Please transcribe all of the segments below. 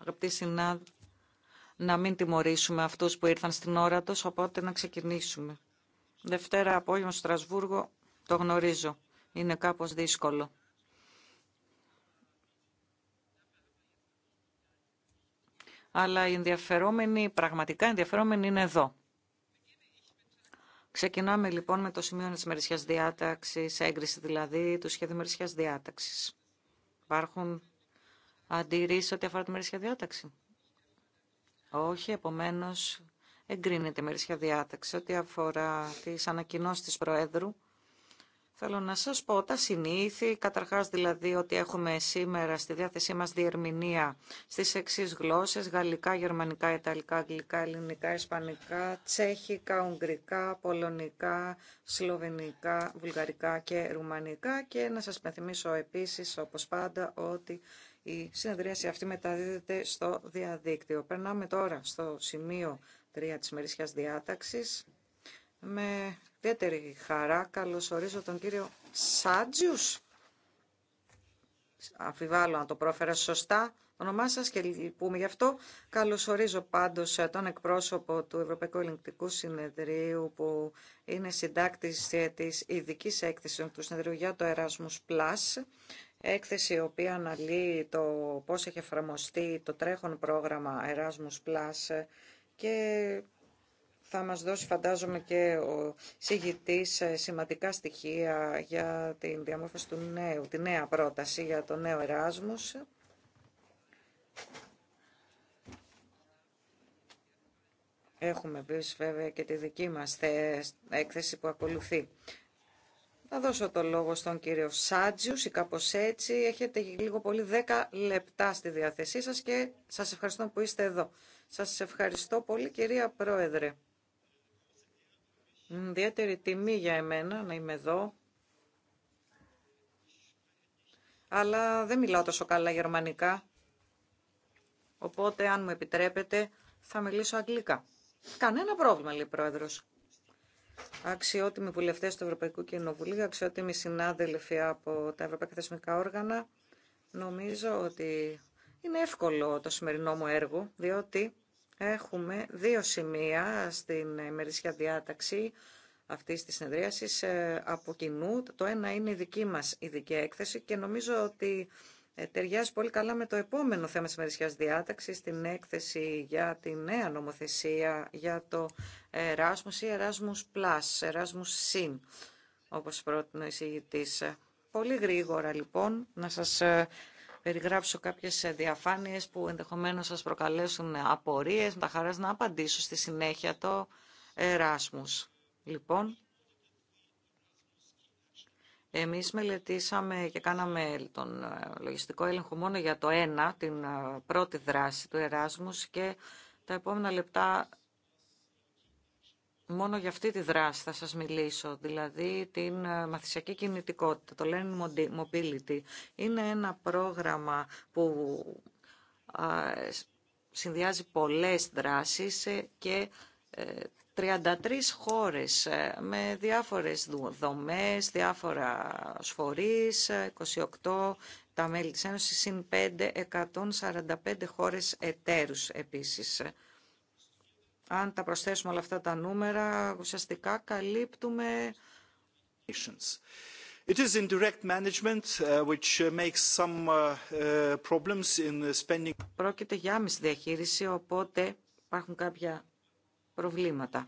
Αγαπητοί συνάδελφοι, να μην τιμωρήσουμε αυτούς που ήρθαν στην ώρα τους, οπότε να ξεκινήσουμε. Δευτέρα απόγευμα στο Στρασβούργο, το γνωρίζω. Είναι κάπως δύσκολο. Αλλά οι ενδιαφερόμενοι, πραγματικά ενδιαφερόμενοι είναι εδώ. Ξεκινάμε λοιπόν με το σημείο της μερισιάς διάταξης, έγκριση δηλαδή του σχέδιου μερισιάς διάταξης. Υπάρχουν αντιρρήσει ό,τι αφορά τη μερίσια διάταξη. Όχι, επομένω εγκρίνεται η μερίσια διάταξη ό,τι αφορά τι ανακοινώσει τη Προέδρου. Θέλω να σα πω τα συνήθη, Καταρχά δηλαδή ότι έχουμε σήμερα στη διάθεσή μας διερμηνία στι εξή γλώσσε. γαλλικά, γερμανικά, ιταλικά, αγγλικά, ελληνικά, ισπανικά, τσέχικα, ουγγρικά, πολωνικά, σλοβενικά, βουλγαρικά και ρουμανικά και να σα πενθυμίσω επίση όπω πάντα ότι η συνεδρίαση αυτή μεταδίδεται στο διαδίκτυο. Περνάμε τώρα στο σημείο 3 της μερίσιας διάταξης. Με ιδιαίτερη χαρά καλωσορίζω τον κύριο Σάντζιους. Αφιβάλλω να το πρόφερα σωστά το όνομά σα και λυπούμε γι' αυτό. Καλωσορίζω πάντω τον εκπρόσωπο του Ευρωπαϊκού Ελληνικτικού Συνεδρίου, που είναι συντάκτη τη ειδική έκθεση του Συνεδρίου για το Erasmus Plus έκθεση η οποία αναλύει το πώς έχει εφαρμοστεί το τρέχον πρόγραμμα Erasmus Plus και θα μας δώσει φαντάζομαι και ο συγητής ε, σημαντικά στοιχεία για την διαμόρφωση του νέου, τη νέα πρόταση για το νέο Erasmus. Έχουμε επίσης βέβαια και τη δική μας έκθεση που ακολουθεί θα δώσω το λόγο στον κύριο Σάτζιους ή κάπως έτσι. Έχετε λίγο πολύ 10 λεπτά στη διάθεσή σας και σας ευχαριστώ που είστε εδώ. Σας ευχαριστώ πολύ κυρία Πρόεδρε. Ιδιαίτερη τιμή για εμένα να είμαι εδώ. Αλλά δεν μιλάω τόσο καλά γερμανικά. Οπότε αν μου επιτρέπετε θα μιλήσω αγγλικά. Κανένα πρόβλημα λέει πρόεδρος αξιότιμοι βουλευτές του Ευρωπαϊκού Κοινοβουλίου, αξιότιμοι συνάδελφοι από τα Ευρωπαϊκά Θεσμικά Όργανα, νομίζω ότι είναι εύκολο το σημερινό μου έργο, διότι έχουμε δύο σημεία στην ημερήσια διάταξη αυτή τη συνεδρίαση ε, από κοινού. Το ένα είναι η δική μας ειδική έκθεση και νομίζω ότι ε, ταιριάζει πολύ καλά με το επόμενο θέμα της μερισιάς διάταξης, την έκθεση για τη νέα νομοθεσία για το Erasmus ή Erasmus Plus, Erasmus Sin, όπως πρότεινε ο εισηγητής. Πολύ γρήγορα λοιπόν να σας ε, περιγράψω κάποιες ε, διαφάνειες που ενδεχομένως σας προκαλέσουν απορίες, με τα χαράς να απαντήσω στη συνέχεια το Erasmus. Λοιπόν, εμείς μελετήσαμε και κάναμε τον ε, λογιστικό έλεγχο μόνο για το ένα, την ε, πρώτη δράση του Εράσμους και τα επόμενα λεπτά μόνο για αυτή τη δράση θα σας μιλήσω, δηλαδή την ε, μαθησιακή κινητικότητα, το Learning Mobility. Είναι ένα πρόγραμμα που συνδυάζει πολλές δράσεις και 33 χώρες ε, με διάφορες δομές, διάφορα φορείς, 28 ε, τα μέλη της Ένωσης, συν 5, 145 χώρες εταίρους επίσης. Αν τα προσθέσουμε όλα αυτά τα νούμερα, ουσιαστικά καλύπτουμε... It is indirect management ε, which makes some problems in spending. Πρόκειται για άμεση διαχείριση, οπότε υπάρχουν κάποια προβλήματα.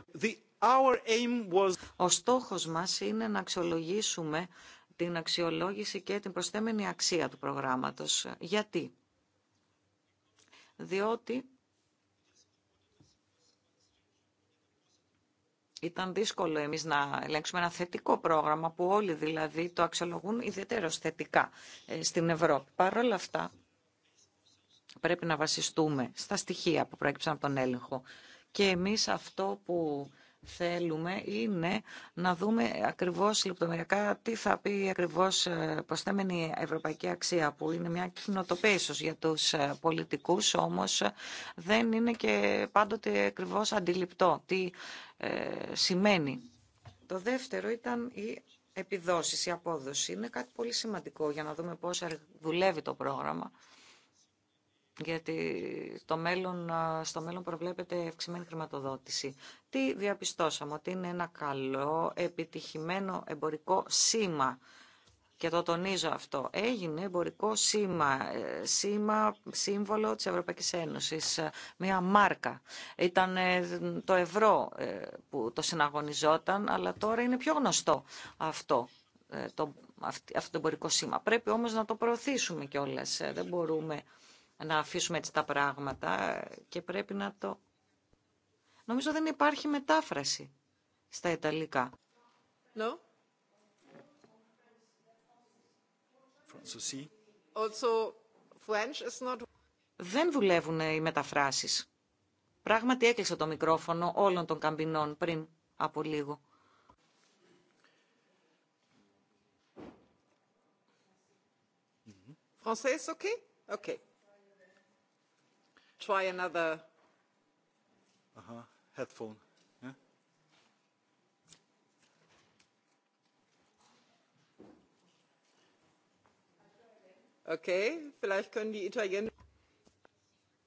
our aim was... Ο στόχος μας είναι να αξιολογήσουμε την αξιολόγηση και την προσθέμενη αξία του προγράμματος. Γιατί? Διότι ήταν δύσκολο εμείς να ελέγξουμε ένα θετικό πρόγραμμα που όλοι δηλαδή το αξιολογούν ιδιαίτερα θετικά ε, στην Ευρώπη. Παρ' όλα αυτά πρέπει να βασιστούμε στα στοιχεία που προέκυψαν από τον έλεγχο. Και εμείς αυτό που θέλουμε είναι να δούμε ακριβώς λεπτομεριακά τι θα πει ακριβώς ε, προσθέμενη ευρωπαϊκή αξία που είναι μια κοινοτοπία για τους ε, πολιτικούς όμως ε, δεν είναι και πάντοτε ακριβώς αντιληπτό τι σημαίνει. Το δεύτερο ήταν η επιδόσεις, η απόδοση. Είναι κάτι πολύ σημαντικό για να δούμε πώς δουλεύει το πρόγραμμα γιατί στο μέλλον, στο μέλλον προβλέπεται αυξημένη χρηματοδότηση. Τι διαπιστώσαμε, ότι είναι ένα καλό, επιτυχημένο εμπορικό σήμα. Και το τονίζω αυτό. Έγινε εμπορικό σήμα, ε, σήμα σύμβολο της Ευρωπαϊκής Ένωσης, ε, μια μάρκα. Ήταν ε, το ευρώ που το συναγωνιζόταν, αλλά τώρα είναι πιο γνωστό αυτό το, αυτό το εμπορικό σήμα. Πρέπει όμως να το προωθήσουμε κιόλας. Δεν μπορούμε να αφήσουμε έτσι τα πράγματα και πρέπει να το... Νομίζω δεν υπάρχει μετάφραση στα Ιταλικά. No? Also, French is not... Δεν δουλεύουν οι μεταφράσεις. Πράγματι έκλεισε το μικρόφωνο όλων των καμπινών πριν από λίγο. Français, okay? Okay try another uh headphone okay vielleicht können die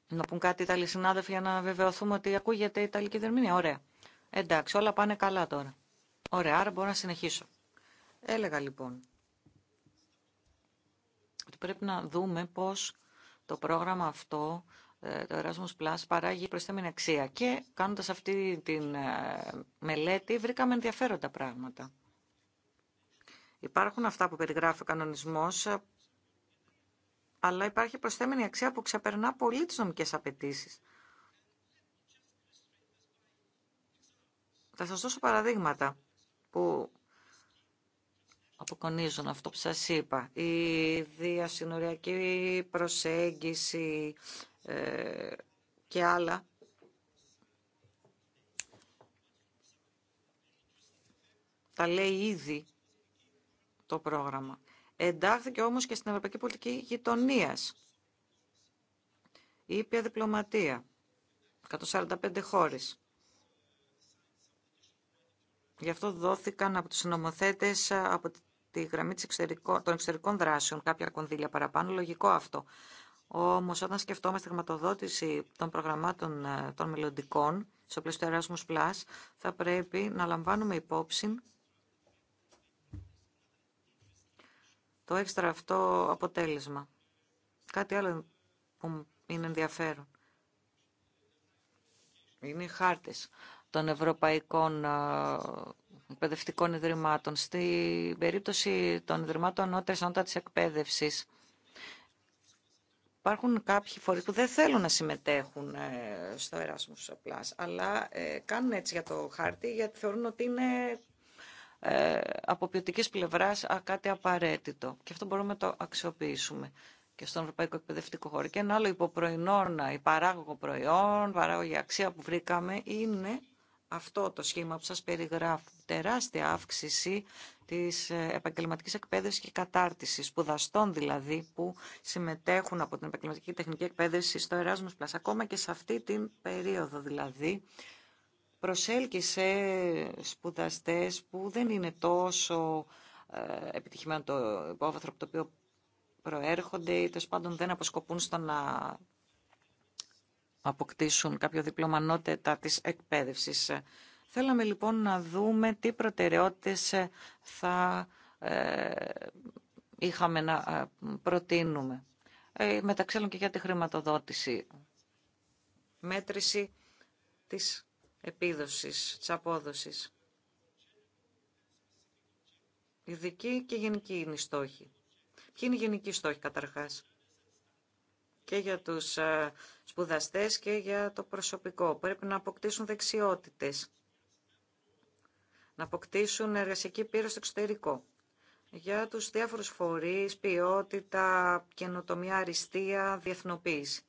να πούν κάτι οι Ιταλοί συνάδελφοι για να βεβαιωθούμε ότι ακούγεται η Ιταλική δερμηνία. Ωραία. Εντάξει, όλα πάνε καλά τώρα. Ωραία, άρα μπορώ να συνεχίσω. Έλεγα λοιπόν ότι πρέπει να δούμε πώς το πρόγραμμα αυτό ε, το Erasmus Plus παράγει προσθέμενη αξία. Και κάνοντας αυτή την ε, μελέτη βρήκαμε ενδιαφέροντα πράγματα. Υπάρχουν αυτά που περιγράφει ο κανονισμός, ε, αλλά υπάρχει προσθέμενη αξία που ξεπερνά πολύ τις νομικές απαιτήσεις. Θα σας δώσω παραδείγματα που αποκονίζουν αυτό που σας είπα. Η διασυνοριακή προσέγγιση, ε, και άλλα. Τα λέει ήδη το πρόγραμμα. Εντάχθηκε όμως και στην Ευρωπαϊκή Πολιτική Γειτονίας. Η ήπια διπλωματία. 145 χώρες. Γι' αυτό δόθηκαν από τους συνομοθέτες από τη γραμμή των εξωτερικών δράσεων κάποια κονδύλια παραπάνω. Λογικό αυτό. Όμως όταν σκεφτόμαστε χρηματοδότηση των προγραμμάτων ε, των μελλοντικών στο πλαίσιο του Erasmus Plus, θα πρέπει να λαμβάνουμε υπόψη το έξτρα αυτό αποτέλεσμα. Κάτι άλλο που είναι ενδιαφέρον. Είναι οι χάρτες των ευρωπαϊκών ε, εκπαιδευτικών ιδρυμάτων. Στην περίπτωση των ιδρυμάτων ανώτερης ανώτατης εκπαίδευσης, Υπάρχουν κάποιοι φορείς που δεν θέλουν να συμμετέχουν ε, στο Erasmus Plus, αλλά ε, κάνουν έτσι για το χάρτη γιατί θεωρούν ότι είναι ε, από ποιοτική πλευράς κάτι απαραίτητο. Και αυτό μπορούμε να το αξιοποιήσουμε και στον Ευρωπαϊκό Εκπαιδευτικό Χώρο. Και ένα άλλο υποπροϊνόρνα, η παράγωγο προϊόν, παράγωγη αξία που βρήκαμε είναι αυτό το σχήμα που σας περιγράφω. Τεράστια αύξηση της ε, επαγγελματικής εκπαίδευσης και κατάρτισης, σπουδαστών δηλαδή που συμμετέχουν από την επαγγελματική και τεχνική εκπαίδευση στο Erasmus Plus, ακόμα και σε αυτή την περίοδο δηλαδή. Προσέλκυσε σπουδαστές που δεν είναι τόσο ε, επιτυχημένο το υπόβαθρο από το οποίο προέρχονται ή τέλο πάντων δεν αποσκοπούν στο να αποκτήσουν κάποιο δίπλωμα ανώτετα της εκπαίδευσης. Θέλαμε λοιπόν να δούμε τι προτεραιότητες ε, θα ε, είχαμε να ε, προτείνουμε. μεταξύ άλλων και για τη χρηματοδότηση. Μέτρηση της επίδοσης, της απόδοσης. Ειδική και γενική είναι η στόχη. Ποιοι είναι οι γενικοί στόχοι καταρχάς και για τους ε, σπουδαστές και για το προσωπικό. Πρέπει να αποκτήσουν δεξιότητες, να αποκτήσουν εργασιακή πείρα στο εξωτερικό. Για τους διάφορους φορείς, ποιότητα, καινοτομία, αριστεία, διεθνοποίηση.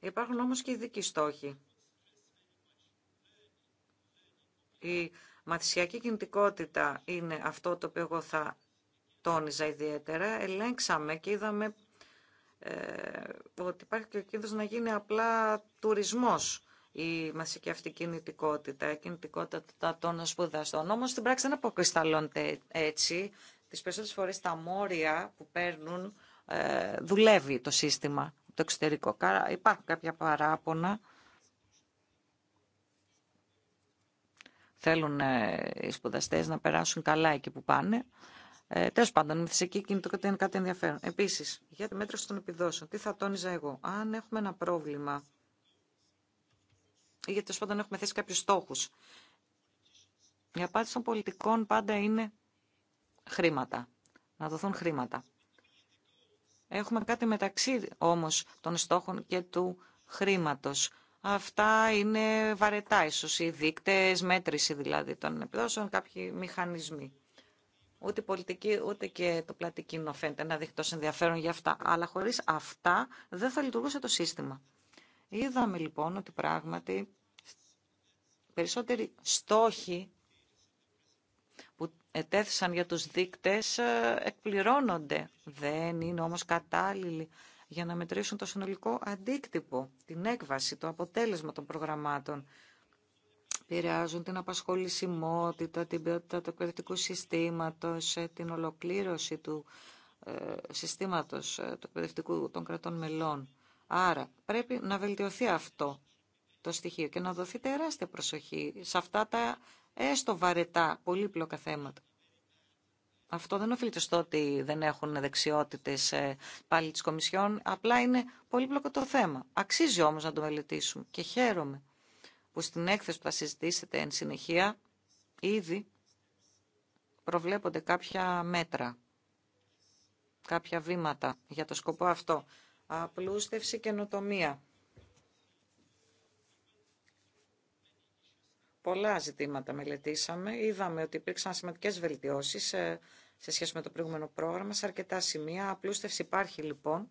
Υπάρχουν όμως και ειδικοί στόχοι. Η μαθησιακή κινητικότητα είναι αυτό το οποίο εγώ θα τόνιζα ιδιαίτερα. Ελέγξαμε και είδαμε ε, ότι υπάρχει και ο κίνδυνος να γίνει απλά τουρισμός η μασική αυτή κινητικότητα, η κινητικότητα των σπουδαστών. Όμως στην πράξη δεν αποκρισταλώνεται έτσι. Τις περισσότερες φορές τα μόρια που παίρνουν ε, δουλεύει το σύστημα το εξωτερικό. Υπάρχουν κάποια παράπονα. Θέλουν ε, οι σπουδαστές να περάσουν καλά εκεί που πάνε. Ε, τέλο πάντων, με θεσική κινητικότητα είναι κάτι ενδιαφέρον. Επίση, για τη μέτρηση των επιδόσεων, τι θα τόνιζα εγώ. Αν έχουμε ένα πρόβλημα, ή γιατί τέλο πάντων έχουμε θέσει κάποιου στόχου, η απάντηση των πολιτικών πάντα είναι χρήματα. Να δοθούν χρήματα. Έχουμε κάτι μεταξύ όμως των στόχων και του χρήματος. Αυτά είναι βαρετά ίσως οι δείκτες, μέτρηση δηλαδή των επιδόσεων, κάποιοι μηχανισμοί. Ούτε η πολιτική ούτε και το πλάτη κοινό φαίνεται να δείχνει τόσο ενδιαφέρον για αυτά. Αλλά χωρί αυτά δεν θα λειτουργούσε το σύστημα. Είδαμε λοιπόν ότι πράγματι περισσότεροι στόχοι που ετέθησαν για τους δείκτες ε, εκπληρώνονται. Δεν είναι όμως κατάλληλοι για να μετρήσουν το συνολικό αντίκτυπο, την έκβαση, το αποτέλεσμα των προγραμμάτων επηρεάζουν την απασχολησιμότητα, την ποιότητα του εκπαιδευτικού συστήματος, ε, την ολοκλήρωση του ε, συστήματος ε, του εκπαιδευτικού των κρατών μελών. Άρα πρέπει να βελτιωθεί αυτό το στοιχείο και να δοθεί τεράστια προσοχή σε αυτά τα έστω βαρετά, πολύπλοκα θέματα. Αυτό δεν οφείλεται στο ότι δεν έχουν δεξιότητες πάλι της Κομισιόν, απλά είναι πολύπλοκο το θέμα. Αξίζει όμως να το μελετήσουμε και χαίρομαι που στην έκθεση που θα συζητήσετε εν συνεχεία ήδη προβλέπονται κάποια μέτρα, κάποια βήματα για το σκοπό αυτό. Απλούστευση καινοτομία. Πολλά ζητήματα μελετήσαμε. Είδαμε ότι υπήρξαν σημαντικές βελτιώσεις ε, σε σχέση με το προηγούμενο πρόγραμμα σε αρκετά σημεία. Απλούστευση υπάρχει λοιπόν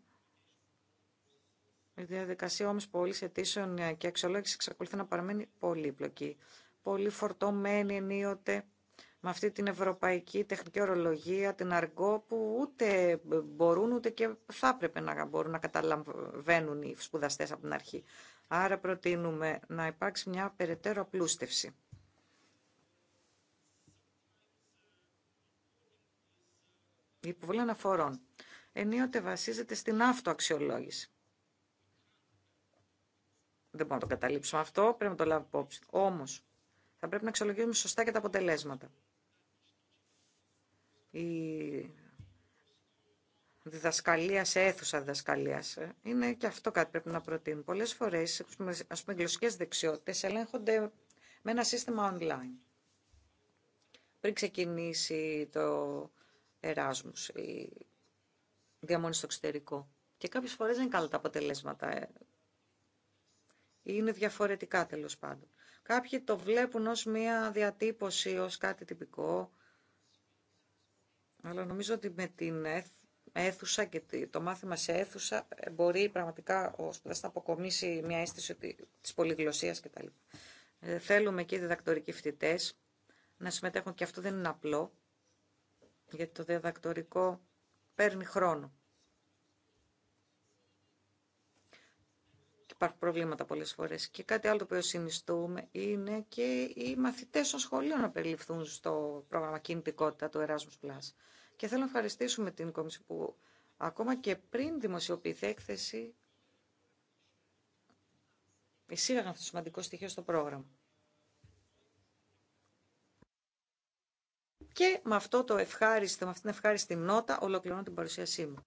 η διαδικασία όμως πώληση αιτήσεων ε, και αξιολόγηση εξακολουθεί να παραμένει πολύπλοκη. Πολύ φορτωμένη ενίοτε με αυτή την ευρωπαϊκή τεχνική ορολογία, την αργό που ούτε μπορούν ούτε και θα έπρεπε να μπορούν να καταλαβαίνουν οι σπουδαστές από την αρχή. Άρα προτείνουμε να υπάρξει μια περαιτέρω απλούστευση. Η υποβολή αναφορών ενίοτε βασίζεται στην αυτοαξιολόγηση. Δεν μπορούμε να το καταλήψουμε αυτό, πρέπει να το λάβουμε υπόψη. Όμω, θα πρέπει να αξιολογήσουμε σωστά και τα αποτελέσματα. Η διδασκαλία σε αίθουσα διδασκαλία ε, είναι και αυτό κάτι πρέπει να προτείνουμε. Πολλέ φορέ, α πούμε, γλωσσικέ δεξιότητε ελέγχονται με ένα σύστημα online. Πριν ξεκινήσει το Erasmus, η διαμόνη στο εξωτερικό. Και κάποιε φορέ δεν είναι καλά τα αποτελέσματα. Ε, είναι διαφορετικά τέλος πάντων. Κάποιοι το βλέπουν ως μία διατύπωση, ως κάτι τυπικό, αλλά νομίζω ότι με την αίθουσα και το μάθημα σε αίθουσα ε, μπορεί πραγματικά ο σπουδαστής να αποκομίσει μια αίσθηση της πολυγλωσσίας κτλ. Ε, θέλουμε και οι διδακτορικοί φοιτητέ να συμμετέχουν και αυτό δεν είναι απλό, γιατί το διδακτορικό παίρνει χρόνο. υπάρχουν προβλήματα πολλές φορές. Και κάτι άλλο το οποίο συνιστούμε είναι και οι μαθητές των σχολείων να περιληφθούν στο πρόγραμμα κινητικότητα του Erasmus+. Και θέλω να ευχαριστήσουμε την Κόμιση που ακόμα και πριν δημοσιοποιηθεί έκθεση εισήγαγαν αυτό το σημαντικό στοιχείο στο πρόγραμμα. Και με αυτό το ευχάριστο, με αυτήν την ευχάριστη νότα ολοκληρώνω την παρουσίασή μου.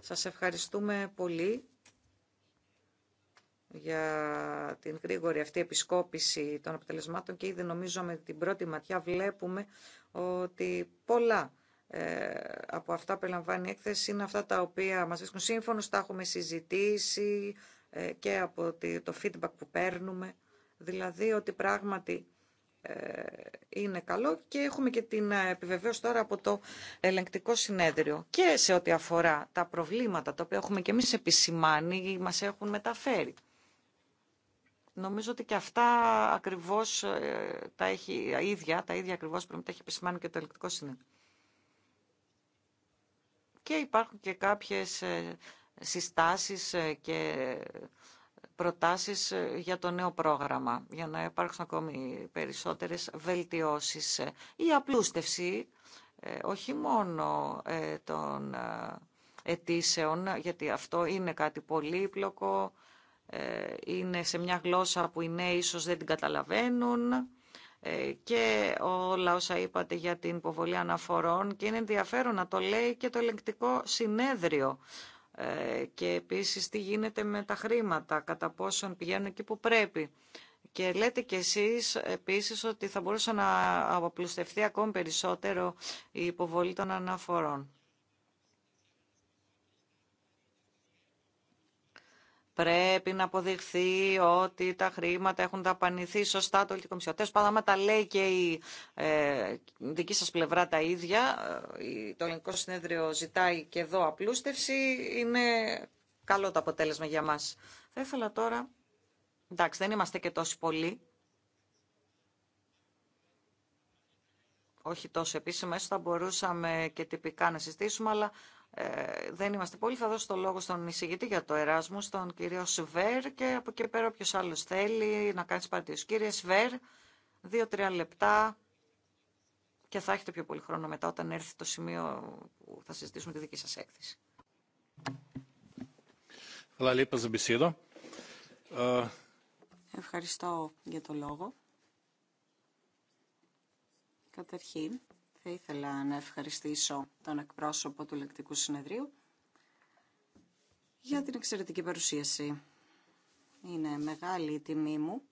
Σας ευχαριστούμε πολύ για την γρήγορη αυτή επισκόπηση των αποτελεσμάτων και ήδη νομίζω με την πρώτη ματιά βλέπουμε ότι πολλά ε, από αυτά που περιλαμβάνει η έκθεση είναι αυτά τα οποία μας βρίσκουν σύμφωνος, τα έχουμε συζητήσει ε, και από το feedback που παίρνουμε. Δηλαδή ότι πράγματι ε, είναι καλό και έχουμε και την ε, επιβεβαίωση τώρα από το ελεγκτικό συνέδριο. Και σε ό,τι αφορά τα προβλήματα τα οποία έχουμε και εμείς επισημάνει ή μας έχουν μεταφέρει. Νομίζω ότι και αυτά ακριβώς ε, τα έχει ίδια, τα ίδια ακριβώς πρέπει να τα έχει επισημάνει και το ελεγκτικό συνέδριο. Και υπάρχουν και κάποιες συστάσεις και προτάσεις ε, για το νέο πρόγραμμα, για να υπάρξουν ακόμη περισσότερες βελτιώσεις ή ε, απλούστευση, ε, όχι μόνο των αιτήσεων, γιατί αυτό είναι κάτι πολύπλοκο, είναι σε μια γλώσσα που οι νέοι ίσως δεν την καταλαβαίνουν και όλα όσα είπατε για την υποβολή αναφορών και είναι ενδιαφέρον να το λέει και το ελεγκτικό συνέδριο ε, και επίσης τι γίνεται με τα χρήματα, κατά πόσον πηγαίνουν εκεί που πρέπει. Και λέτε κι εσείς επίσης ότι θα μπορούσε να αποπλουστευτεί ακόμη περισσότερο η υποβολή των αναφορών. πρέπει να αποδειχθεί ότι τα χρήματα έχουν ταπανηθεί σωστά το Ελληνικό μισθό. τα λέει και η ε, δική σας πλευρά τα ίδια, ε, το Ελληνικό Συνέδριο ζητάει και εδώ απλούστευση, είναι καλό το αποτέλεσμα για μας. Θα ήθελα τώρα, εντάξει δεν είμαστε και τόσοι πολλοί, όχι τόσο επίσημα, Στα θα μπορούσαμε και τυπικά να συζητήσουμε, αλλά ε, δεν είμαστε πολύ. Θα δώσω το λόγο στον εισηγητή για το Εράσμου, στον κύριο Σβέρ και από εκεί πέρα όποιος άλλος θέλει να κανει παρατηρησει παρατηρήσεις. Κύριε Σβέρ, δύο-τρία λεπτά και θα έχετε πιο πολύ χρόνο μετά όταν έρθει το σημείο που θα συζητήσουμε τη δική σας έκθεση. Ε, Ευχαριστώ για το λόγο. Καταρχήν, θα ήθελα να ευχαριστήσω τον εκπρόσωπο του Λεκτικού Συνεδρίου για την εξαιρετική παρουσίαση. Είναι μεγάλη η τιμή μου.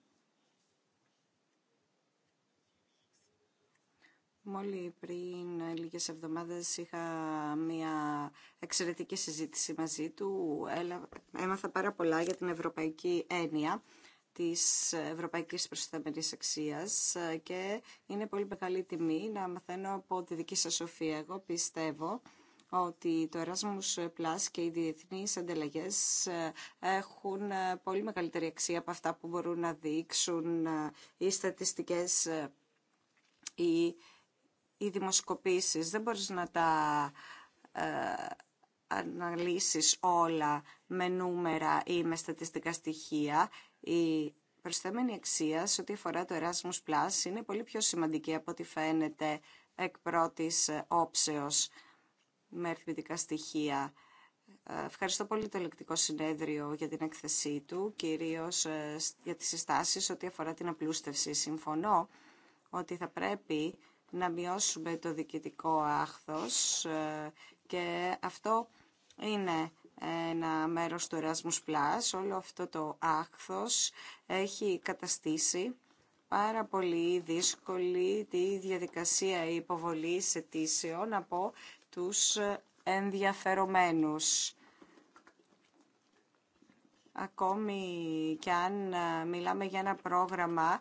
Μόλι πριν λίγες εβδομάδες είχα μια εξαιρετική συζήτηση μαζί του. Έμαθα πάρα πολλά για την ευρωπαϊκή έννοια της ευρωπαϊκής προστατεμένης αξίας ε, και είναι πολύ μεγάλη τιμή να μαθαίνω από τη δική σας σοφία. Εγώ πιστεύω ότι το Erasmus Plus και οι διεθνείς ανταλλαγές ε, έχουν ε, πολύ μεγαλύτερη αξία από αυτά που μπορούν να δείξουν οι στατιστικές ή οι, οι δημοσκοπήσεις. Δεν μπορείς να τα αναλύσεις όλα με νούμερα ή με στατιστικά στοιχεία η προσθέμενη αξία σε ό,τι αφορά το Erasmus Plus είναι πολύ πιο σημαντική από ό,τι φαίνεται εκ πρώτης ε, όψεως με αριθμητικά στοιχεία. Ε, ευχαριστώ πολύ το Ελεκτικό Συνέδριο για την έκθεσή του, κυρίως ε, για τις συστάσεις ό,τι αφορά την απλούστευση. Συμφωνώ ότι θα πρέπει να μειώσουμε το διοικητικό άχθος και αυτό είναι ένα μέρος του Erasmus όλο αυτό το άχθος έχει καταστήσει πάρα πολύ δύσκολη τη διαδικασία υποβολής αιτήσεων από τους ενδιαφερομένους. Ακόμη και αν ε, μιλάμε για ένα πρόγραμμα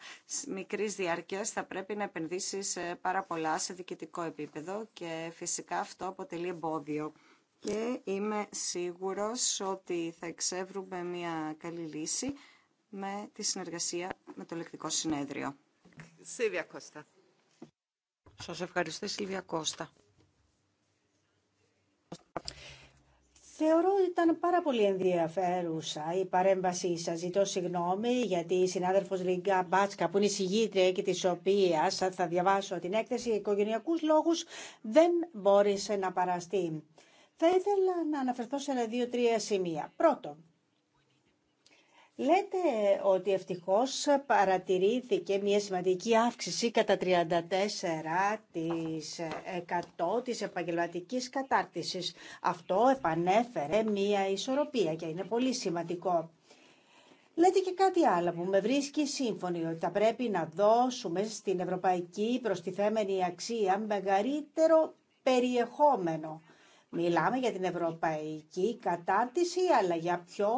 μικρής διάρκειας, θα πρέπει να επενδύσεις πάρα πολλά σε διοικητικό επίπεδο και φυσικά αυτό αποτελεί εμπόδιο και είμαι σίγουρος ότι θα εξεύρουμε μια καλή λύση με τη συνεργασία με το Λεκτικό Συνέδριο. Σίλβια Κώστα. Σας ευχαριστώ, Σίλβια Κώστα. Θεωρώ ότι ήταν πάρα πολύ ενδιαφέρουσα η παρέμβασή σα. Ζητώ συγγνώμη γιατί η συνάδελφο Λιγκά Μπάτσκα, που είναι η συγγήτρια και τη οποία θα διαβάσω την έκθεση, οικογενειακού λόγου δεν μπόρεσε να παραστεί. Θα ήθελα να αναφερθώ σε ένα δύο-τρία σημεία. Πρώτον, λέτε ότι ευτυχώς παρατηρήθηκε μια σημαντική αύξηση κατά 34% της επαγγελματικής κατάρτισης. Αυτό επανέφερε μια ισορροπία και είναι πολύ σημαντικό. Λέτε και κάτι άλλο που με βρίσκει σύμφωνη, ότι θα πρέπει να δώσουμε στην ευρωπαϊκή προστιθέμενη αξία μεγαλύτερο περιεχόμενο. Μιλάμε για την ευρωπαϊκή κατάρτιση, αλλά για πιο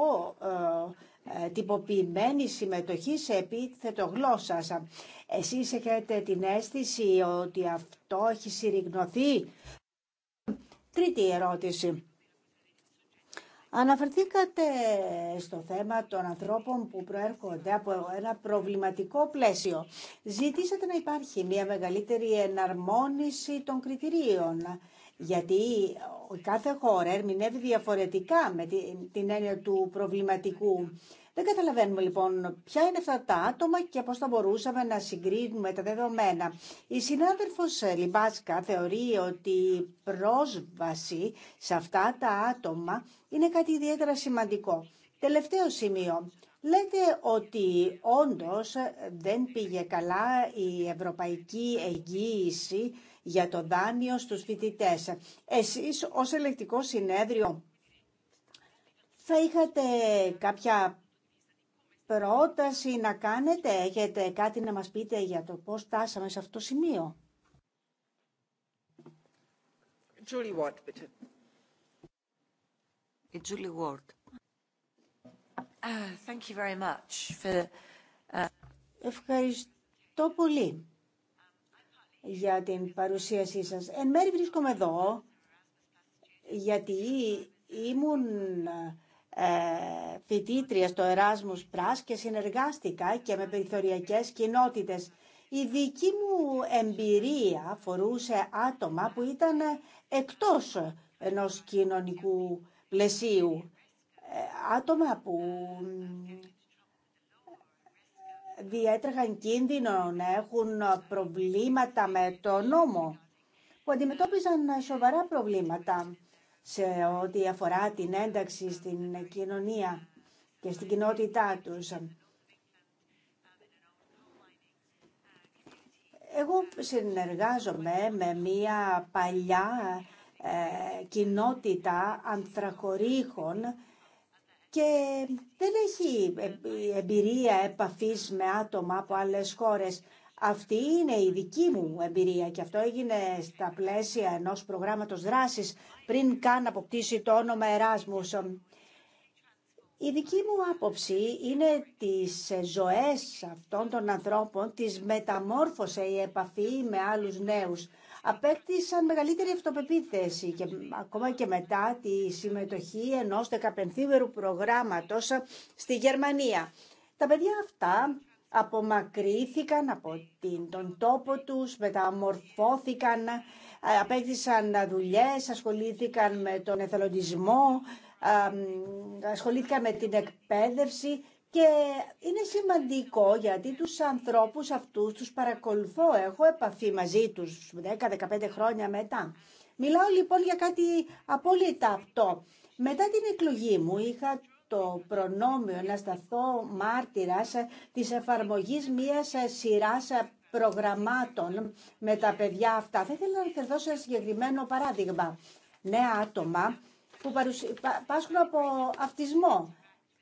ε, ε, τυποποιημένη συμμετοχή σε επίθετο γλώσσα. Εσείς έχετε την αίσθηση ότι αυτό έχει συρρυγνωθεί. Τρίτη ερώτηση. Αναφερθήκατε στο θέμα των ανθρώπων που προέρχονται από ένα προβληματικό πλαίσιο. Ζητήσατε να υπάρχει μια μεγαλύτερη εναρμόνιση των κριτηρίων γιατί κάθε χώρα ερμηνεύει διαφορετικά με την έννοια του προβληματικού. Δεν καταλαβαίνουμε λοιπόν ποια είναι αυτά τα άτομα και πώς θα μπορούσαμε να συγκρίνουμε τα δεδομένα. Η συνάδελφος Λιμπάσκα θεωρεί ότι η πρόσβαση σε αυτά τα άτομα είναι κάτι ιδιαίτερα σημαντικό. Τελευταίο σημείο. Λέτε ότι όντως δεν πήγε καλά η ευρωπαϊκή εγγύηση για το δάνειο στους φοιτητές. Εσείς ως ελεκτικό συνέδριο θα είχατε κάποια πρόταση να κάνετε, έχετε κάτι να μας πείτε για το πώς τάσαμε σε αυτό το σημείο. Julie Ward, Julie Ward. Ah, thank you very much uh, Ευχαριστώ πολύ για την παρουσίασή σας. Εν μέρη βρίσκομαι εδώ γιατί ήμουν ε, φοιτήτρια στο Erasmus Πράς και συνεργάστηκα και με περιθωριακές κοινότητες. Η δική μου εμπειρία φορούσε άτομα που ήταν εκτός ενός κοινωνικού πλαισίου. Ε, άτομα που διέτρεχαν κίνδυνο να έχουν προβλήματα με το νόμο, που αντιμετώπιζαν σοβαρά προβλήματα σε ό,τι αφορά την ένταξη στην κοινωνία και στην κοινότητά τους. Εγώ συνεργάζομαι με μία παλιά ε, κοινότητα ανθρακορίχων και δεν έχει ε, εμπειρία επαφής με άτομα από άλλες χώρες. Αυτή είναι η δική μου εμπειρία και αυτό έγινε στα πλαίσια ενός προγράμματος δράσης πριν καν αποκτήσει το όνομα Εράσμους. Η δική μου άποψη είναι τις ε, ζωές αυτών των ανθρώπων, τις μεταμόρφωσε η επαφή με άλλους νέους. Απέκτησαν μεγαλύτερη αυτοπεποίθηση και ακόμα και μετά τη συμμετοχή δεκαπενθύμερου προγράμματος ε, στη Γερμανία. Τα παιδιά αυτά απομακρύθηκαν από την, τον τόπο τους, μεταμορφώθηκαν, ε, απέκτησαν δουλειές, ασχολήθηκαν με τον εθελοντισμό, ασχολήθηκα με την εκπαίδευση και είναι σημαντικό γιατί τους ανθρώπους αυτούς τους παρακολουθώ, έχω επαφή μαζί τους 10-15 χρόνια μετά. Μιλάω λοιπόν για κάτι απόλυτα αυτό. Μετά την εκλογή μου είχα το προνόμιο να σταθώ μάρτυρας της εφαρμογής μιας σειράς προγραμμάτων με τα παιδιά αυτά. Θα ήθελα να σας δώσω ένα συγκεκριμένο παράδειγμα. Νέα άτομα που πάσχουν από αυτισμό.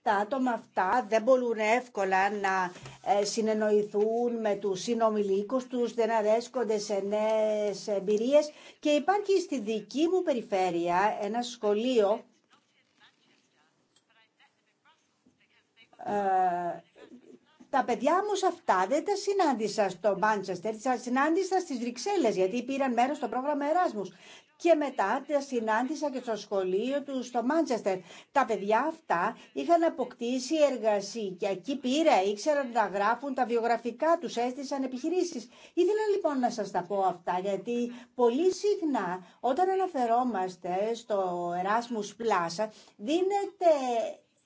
Τα άτομα αυτά δεν μπορούν εύκολα να ε, συνεννοηθούν με τους συνομιλίκους τους, δεν αρέσκονται σε νέες εμπειρίες και υπάρχει στη δική μου περιφέρεια ένα σχολείο ε, τα παιδιά μου αυτά δεν τα συνάντησα στο Μάντσεστερ, τα συνάντησα στις Βρυξέλλες, γιατί πήραν μέρος στο πρόγραμμα εράσμους και μετά τα συνάντησα και στο σχολείο του στο Μάντσεστερ. Τα παιδιά αυτά είχαν αποκτήσει και εκεί πήρα ήξεραν να γράφουν τα βιογραφικά τους, έστησαν επιχειρήσεις. Ήθελα λοιπόν να σας τα πω αυτά, γιατί πολύ συχνά όταν αναφερόμαστε στο Erasmus πλάσα δίνεται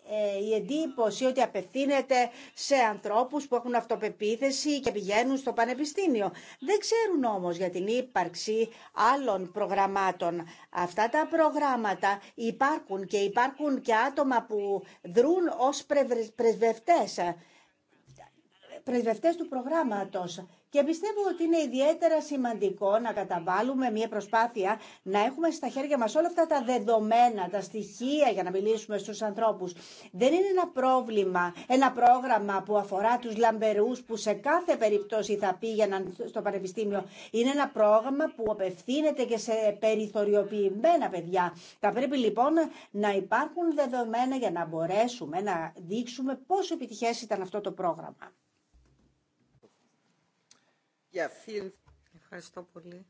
ε, η εντύπωση ότι απευθύνεται σε ανθρώπους που έχουν αυτοπεποίθηση και πηγαίνουν στο πανεπιστήμιο. Δεν ξέρουν όμως για την ύπαρξη άλλων προγραμμάτων. Αυτά τα προγράμματα υπάρχουν και υπάρχουν και άτομα που δρούν ως πρεσβευτές, ε, πρεσβευτές του προγράμματος και πιστεύω ότι είναι ιδιαίτερα σημαντικό να καταβάλουμε μια προσπάθεια να έχουμε στα χέρια μας όλα αυτά τα δεδομένα, τα στοιχεία για να μιλήσουμε στους ανθρώπους. Δεν είναι ένα πρόβλημα, ένα πρόγραμμα που αφορά τους λαμπερούς που σε κάθε περίπτωση θα πήγαιναν στο πανεπιστήμιο. Είναι ένα πρόγραμμα που απευθύνεται και σε περιθωριοποιημένα παιδιά. Θα πρέπει λοιπόν να υπάρχουν δεδομένα για να μπορέσουμε να δείξουμε πόσο επιτυχές ήταν αυτό το πρόγραμμα. Ευχαριστώ πολύ.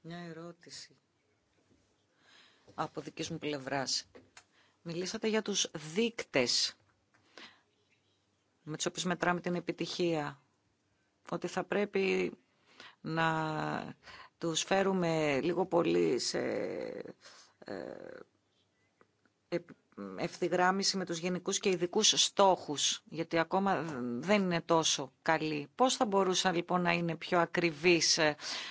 Μια ερώτηση από δική μου πλευράς. Μιλήσατε για τους δίκτες με τους οποίους μετράμε την επιτυχία. Ότι θα πρέπει να τους φέρουμε λίγο πολύ σε ε, ευθυγράμμιση με τους γενικούς και ειδικούς στόχους, γιατί ακόμα δεν είναι τόσο καλή. Πώς θα μπορούσαν λοιπόν να είναι πιο ακριβείς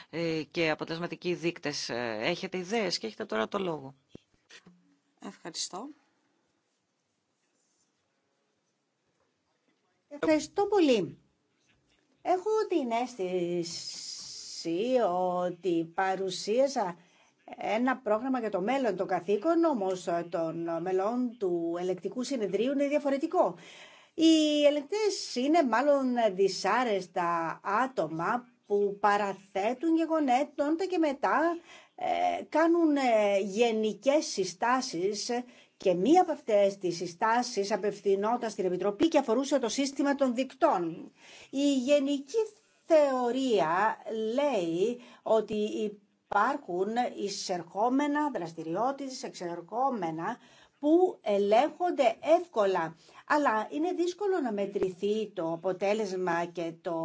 ε, και αποτελεσματικοί δείκτες. Ε, έχετε ιδέες και έχετε τώρα το λόγο. Ευχαριστώ. Ευχαριστώ πολύ. Έχω την αίσθηση ότι παρουσίασα ένα πρόγραμμα για το μέλλον των καθήκων, όμως ε, των μελών του ελεκτικού συνεδρίου είναι διαφορετικό. Οι ελεκτέ είναι μάλλον δυσάρεστα άτομα που παραθέτουν γεγονέτοντα και μετά ε, κάνουν ε, γενικές συστάσεις και μία από αυτές τις συστάσεις απευθυνόταν στην Επιτροπή και αφορούσε το σύστημα των δικτών. Η γενική θεωρία λέει ότι υπάρχουν εισερχόμενα δραστηριότητες, εξερχόμενα που ελέγχονται εύκολα. Αλλά είναι δύσκολο να μετρηθεί το αποτέλεσμα και το,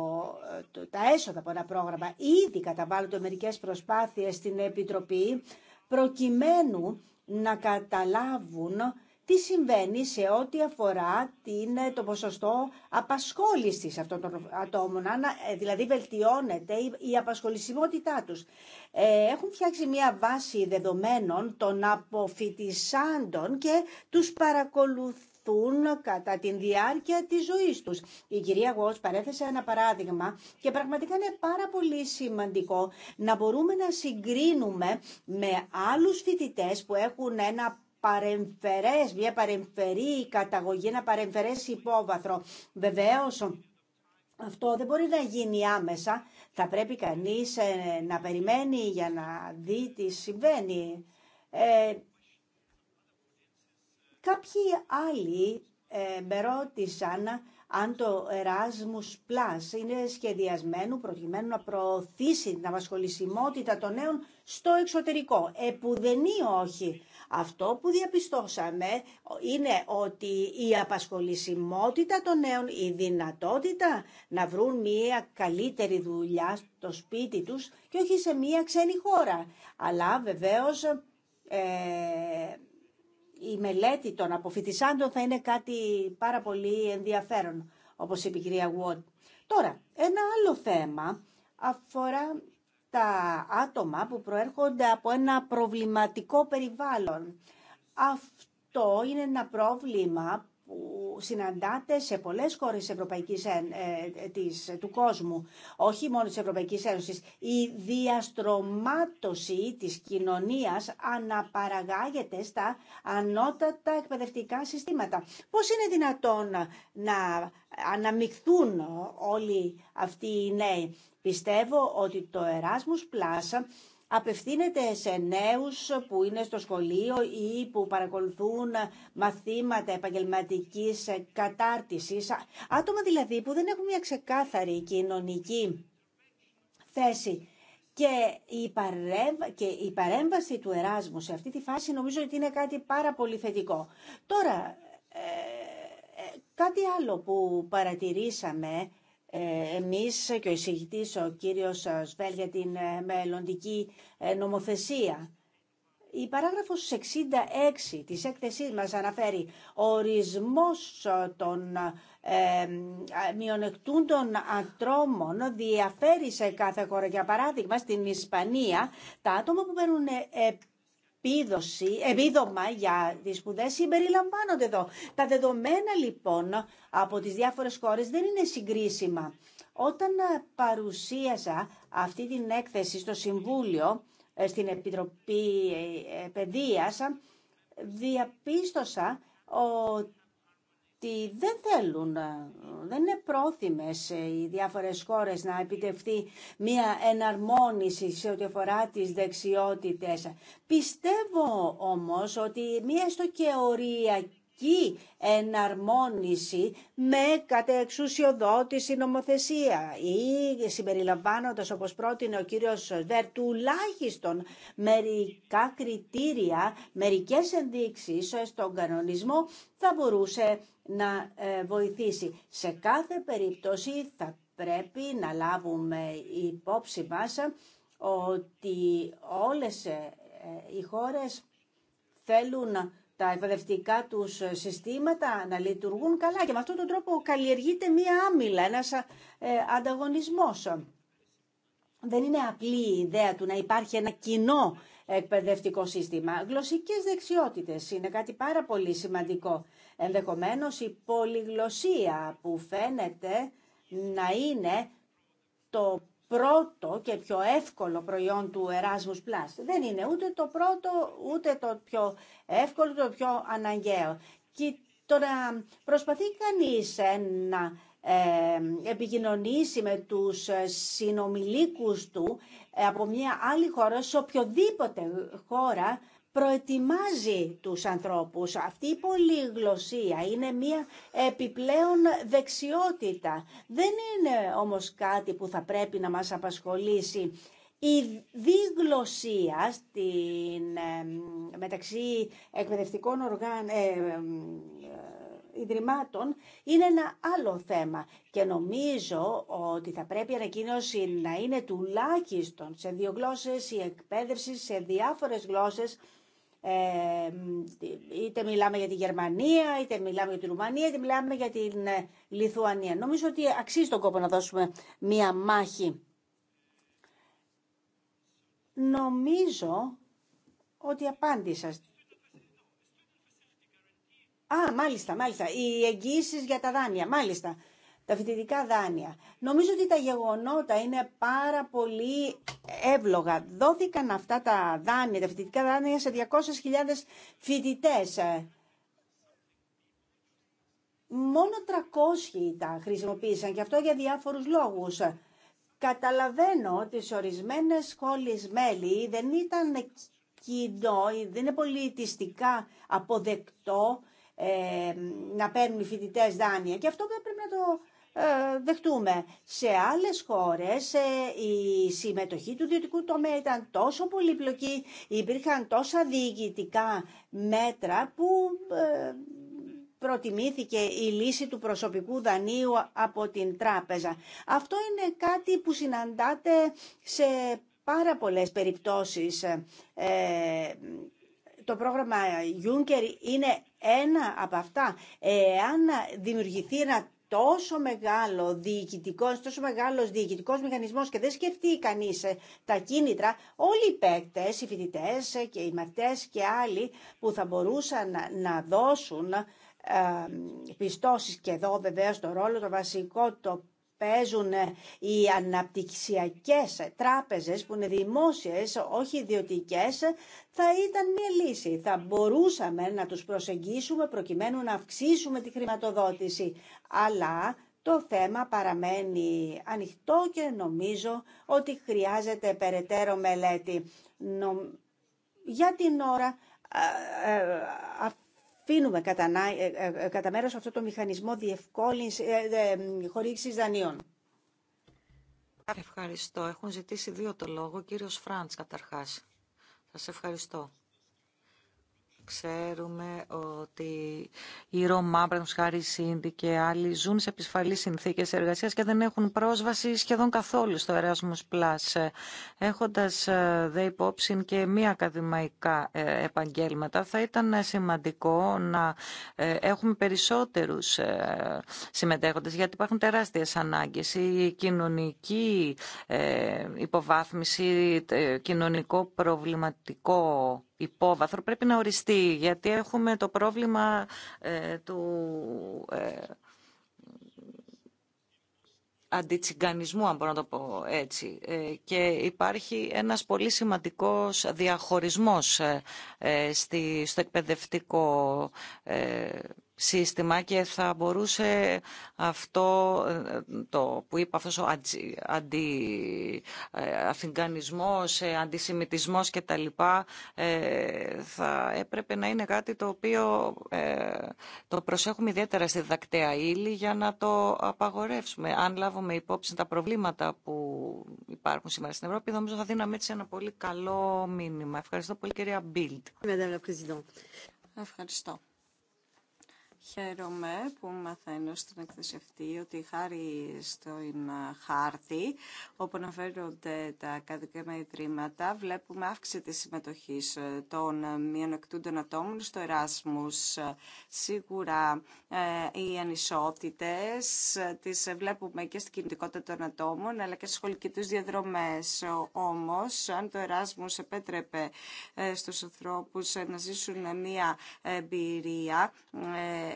τα έσοδα από ένα πρόγραμμα. Ήδη καταβάλλονται μερικές προσπάθειες στην Επιτροπή προκειμένου να καταλάβουν τι συμβαίνει σε ό,τι αφορά την, ε, το ποσοστό απασχόλησης αυτών των ατόμων, ε, δηλαδή βελτιώνεται η, απασχολησιμότητά τους. Ε, έχουν φτιάξει μια βάση δεδομένων των αποφοιτησάντων και τους παρακολουθούν κατά την διάρκεια της ζωής τους. Η κυρία Γουότς παρέθεσε ένα παράδειγμα και πραγματικά είναι πάρα πολύ σημαντικό να μπορούμε να συγκρίνουμε με άλλους φοιτητές που έχουν ένα παρεμφερές, μια παρεμφερή καταγωγή, ένα παρεμφερές υπόβαθρο. Βεβαίως, αυτό δεν μπορεί να γίνει άμεσα. Θα πρέπει κανείς ε, να περιμένει για να δει τι συμβαίνει. Ε, κάποιοι άλλοι ε, με ρώτησαν αν το Erasmus Plus είναι σχεδιασμένο προκειμένου να προωθήσει την απασχολησιμότητα των νέων στο εξωτερικό. Επουδενή όχι. Αυτό που διαπιστώσαμε είναι ότι η απασχολησιμότητα των νέων, η δυνατότητα να βρουν μια καλύτερη δουλειά στο σπίτι τους και όχι σε μια ξένη χώρα. Αλλά βεβαίως ε, η μελέτη των αποφοιτησάντων θα είναι κάτι πάρα πολύ ενδιαφέρον, όπως είπε η κυρία Τώρα, ένα άλλο θέμα αφορά τα άτομα που προέρχονται από ένα προβληματικό περιβάλλον. Αυτό είναι ένα πρόβλημα που συναντάται σε πολλές χώρες Ευρωπαϊκής, ε, της, του κόσμου, όχι μόνο της Ευρωπαϊκής Ένωσης. Η διαστρωμάτωση της κοινωνίας αναπαραγάγεται στα ανώτατα εκπαιδευτικά συστήματα. Πώς είναι δυνατόν να αναμειχθούν όλοι αυτοί οι νέοι. Πιστεύω ότι το Erasmus Plus απευθύνεται σε νέους που είναι στο σχολείο ή που παρακολουθούν μαθήματα επαγγελματικής κατάρτισης, άτομα δηλαδή που δεν έχουν μια ξεκάθαρη κοινωνική θέση. Και η, και η παρέμβαση του Εράσμου σε αυτή τη φάση νομίζω ότι είναι κάτι πάρα πολύ θετικό. Τώρα, ε, ε, κάτι άλλο που παρατηρήσαμε ε, εμείς και ο εισηγητής ο κύριος ε, Σβέλ για την ε, μελλοντική νομοθεσία. Η παράγραφος 66 της έκθεσής μας αναφέρει ο ορισμός των ε, μειονεκτούντων ατρόμων διαφέρει σε κάθε χώρα. Για παράδειγμα, στην Ισπανία τα άτομα που παίρνουν επίδοση, επίδομα για τις σπουδέ συμπεριλαμβάνονται εδώ. Τα δεδομένα λοιπόν από τις διάφορες χώρες δεν είναι συγκρίσιμα. Όταν παρουσίασα αυτή την έκθεση στο Συμβούλιο, ε, στην Επιτροπή ε, Παιδείας, διαπίστωσα ότι ότι δεν θέλουν, ε, δεν είναι πρόθυμες ε, οι διάφορες χώρες να επιτευχθεί μία εναρμόνιση σε ό,τι αφορά τις δεξιότητες. Πιστεύω όμως ότι μία στο εν εναρμόνιση με κατεξουσιοδότηση νομοθεσία ή συμπεριλαμβάνοντας όπως πρότεινε ο κύριος Βερ τουλάχιστον μερικά κριτήρια, μερικές ενδείξεις στον κανονισμό θα μπορούσε να ε, βοηθήσει. Σε κάθε περίπτωση θα πρέπει να λάβουμε υπόψη μας ότι όλες ε, ε, οι χώρες θέλουν να τα εκπαιδευτικά τους συστήματα να λειτουργούν καλά και με αυτόν τον τρόπο καλλιεργείται μία άμυλα, ένας ε, ανταγωνισμό. Δεν είναι απλή η ιδέα του να υπάρχει ένα κοινό εκπαιδευτικό σύστημα. Γλωσσικές δεξιότητες είναι κάτι πάρα πολύ σημαντικό. Ενδεχομένω, η πολυγλωσσία που φαίνεται να είναι το πρώτο και πιο εύκολο προϊόν του Erasmus Plus. Δεν είναι ούτε το πρώτο, ούτε το πιο εύκολο, το πιο αναγκαίο. Και τώρα προσπαθεί κανείς ε, να ε, επικοινωνήσει με τους ε, συνομιλίκους του από μια άλλη χώρα, σε οποιοδήποτε χώρα, προετοιμάζει τους ανθρώπους. Αυτή η πολυγλωσία είναι μία επιπλέον δεξιότητα. Δεν είναι όμως κάτι που θα πρέπει να μας απασχολήσει. Η διγλωσία στην, ε, μεταξύ εκπαιδευτικών οργάνων, ε, ε, Ιδρυμάτων είναι ένα άλλο θέμα και νομίζω ότι θα πρέπει η ανακοίνωση να είναι τουλάχιστον σε δύο γλώσσες, η εκπαίδευση σε διάφορες γλώσσες είτε μιλάμε για τη Γερμανία, είτε μιλάμε για τη Ρουμανία, είτε μιλάμε για την ε, Λιθουανία. Νομίζω ότι αξίζει τον κόπο να δώσουμε μία μάχη. Νομίζω ότι απάντησα. Α, μάλιστα, μάλιστα. Οι εγγύησει για τα δάνεια, μάλιστα τα φοιτητικά δάνεια. Νομίζω ότι τα γεγονότα είναι πάρα πολύ εύλογα. Δόθηκαν αυτά τα δάνεια, τα φοιτητικά δάνεια σε 200.000 φοιτητέ. Ε, μόνο 300 τα χρησιμοποίησαν και αυτό για διάφορους λόγους. Καταλαβαίνω ότι σε ορισμένες σχόλες μέλη δεν ήταν κοινό, δεν είναι πολιτιστικά αποδεκτό ε, να παίρνουν οι φοιτητέ δάνεια. Και αυτό πρέπει να το ε, δεχτούμε. Σε άλλες χώρες ε, η συμμετοχή του ιδιωτικού τομέα ήταν τόσο πολύπλοκη, υπήρχαν τόσα διοικητικά μέτρα που ε, προτιμήθηκε η λύση του προσωπικού δανείου από την τράπεζα. Αυτό είναι κάτι που συναντάτε σε πάρα πολλές περιπτώσεις. Το πρόγραμμα Juncker είναι ένα από αυτά. Εάν δημιουργηθεί ένα τόσο μεγάλο διοικητικό, τόσο μεγάλος διοικητικός μηχανισμός και δεν σκεφτεί κανείς ε, τα κίνητρα, όλοι οι παίκτες, οι φοιτητέ ε, και οι μαθητές και άλλοι που θα μπορούσαν να δώσουν ε, πιστώσεις και εδώ βεβαίως το ρόλο το βασικό το παίζουν ε, οι αναπτυξιακές τράπεζες που είναι δημόσιες, όχι ιδιωτικές, θα ήταν μια λύση. Θα μπορούσαμε να τους προσεγγίσουμε προκειμένου να αυξήσουμε τη χρηματοδότηση. Αλλά το θέμα παραμένει ανοιχτό και νομίζω ότι χρειάζεται περαιτέρω μελέτη. Για την ώρα ε, ε, αφήνουμε κατά, ε, ε, ε, κατά μέρος αυτό το μηχανισμό διευκόλυνση χορήγηση δανείων. Ευχαριστώ. Έχουν ζητήσει δύο το λόγο. Κύριος Φραντς, καταρχάς. Σας ευχαριστώ. Ξέρουμε ότι οι Ρωμά, παραδείγματος χάρη και άλλοι, ζουν σε επισφαλείς συνθήκες εργασίας και δεν έχουν πρόσβαση σχεδόν καθόλου στο Erasmus Plus, έχοντας ε, δε υπόψη και μία ακαδημαϊκά ε, επαγγέλματα. Θα ήταν σημαντικό να ε, έχουμε περισσότερους συμμετέχοντες, γιατί υπάρχουν τεράστιες ανάγκες. Η κοινωνική υποβάθμιση, κοινωνικό προβληματικό υπόβαθρο πρέπει να οριστεί, γιατί έχουμε το πρόβλημα ε, του ε, αντιτσιγκανισμού, αν μπορώ να το πω έτσι. Ε, και υπάρχει ένας πολύ σημαντικός διαχωρισμός ε, στη, στο εκπαιδευτικό σύστημα και θα μπορούσε αυτό ε, το που είπα αυτός ο αντι, αντι, ε, ε, αντισημιτισμός και τα λοιπά θα έπρεπε να είναι κάτι το οποίο το προσέχουμε ιδιαίτερα στη διδακταία ύλη για να το απαγορεύσουμε. Αν λάβουμε υπόψη τα προβλήματα που υπάρχουν σήμερα στην Ευρώπη νομίζω θα δίναμε έτσι ένα πολύ καλό μήνυμα. Ευχαριστώ πολύ κυρία Μπίλτ. Ευχαριστώ. Χαίρομαι που μαθαίνω στην εκθέση αυτή ότι χάρη στον χάρτη όπου αναφέρονται τα κατοικένα ιδρύματα βλέπουμε αύξηση της συμμετοχής ε, των ε, μειονεκτούντων ατόμων στο Εράσμους. Σίγουρα ε, οι ανισότητες τις βλέπουμε και στην κινητικότητα των ατόμων αλλά και στις σχολικές τους διαδρομές. Όμως αν το Εράσμους επέτρεπε στους ανθρώπους να ζήσουν μια εμπειρία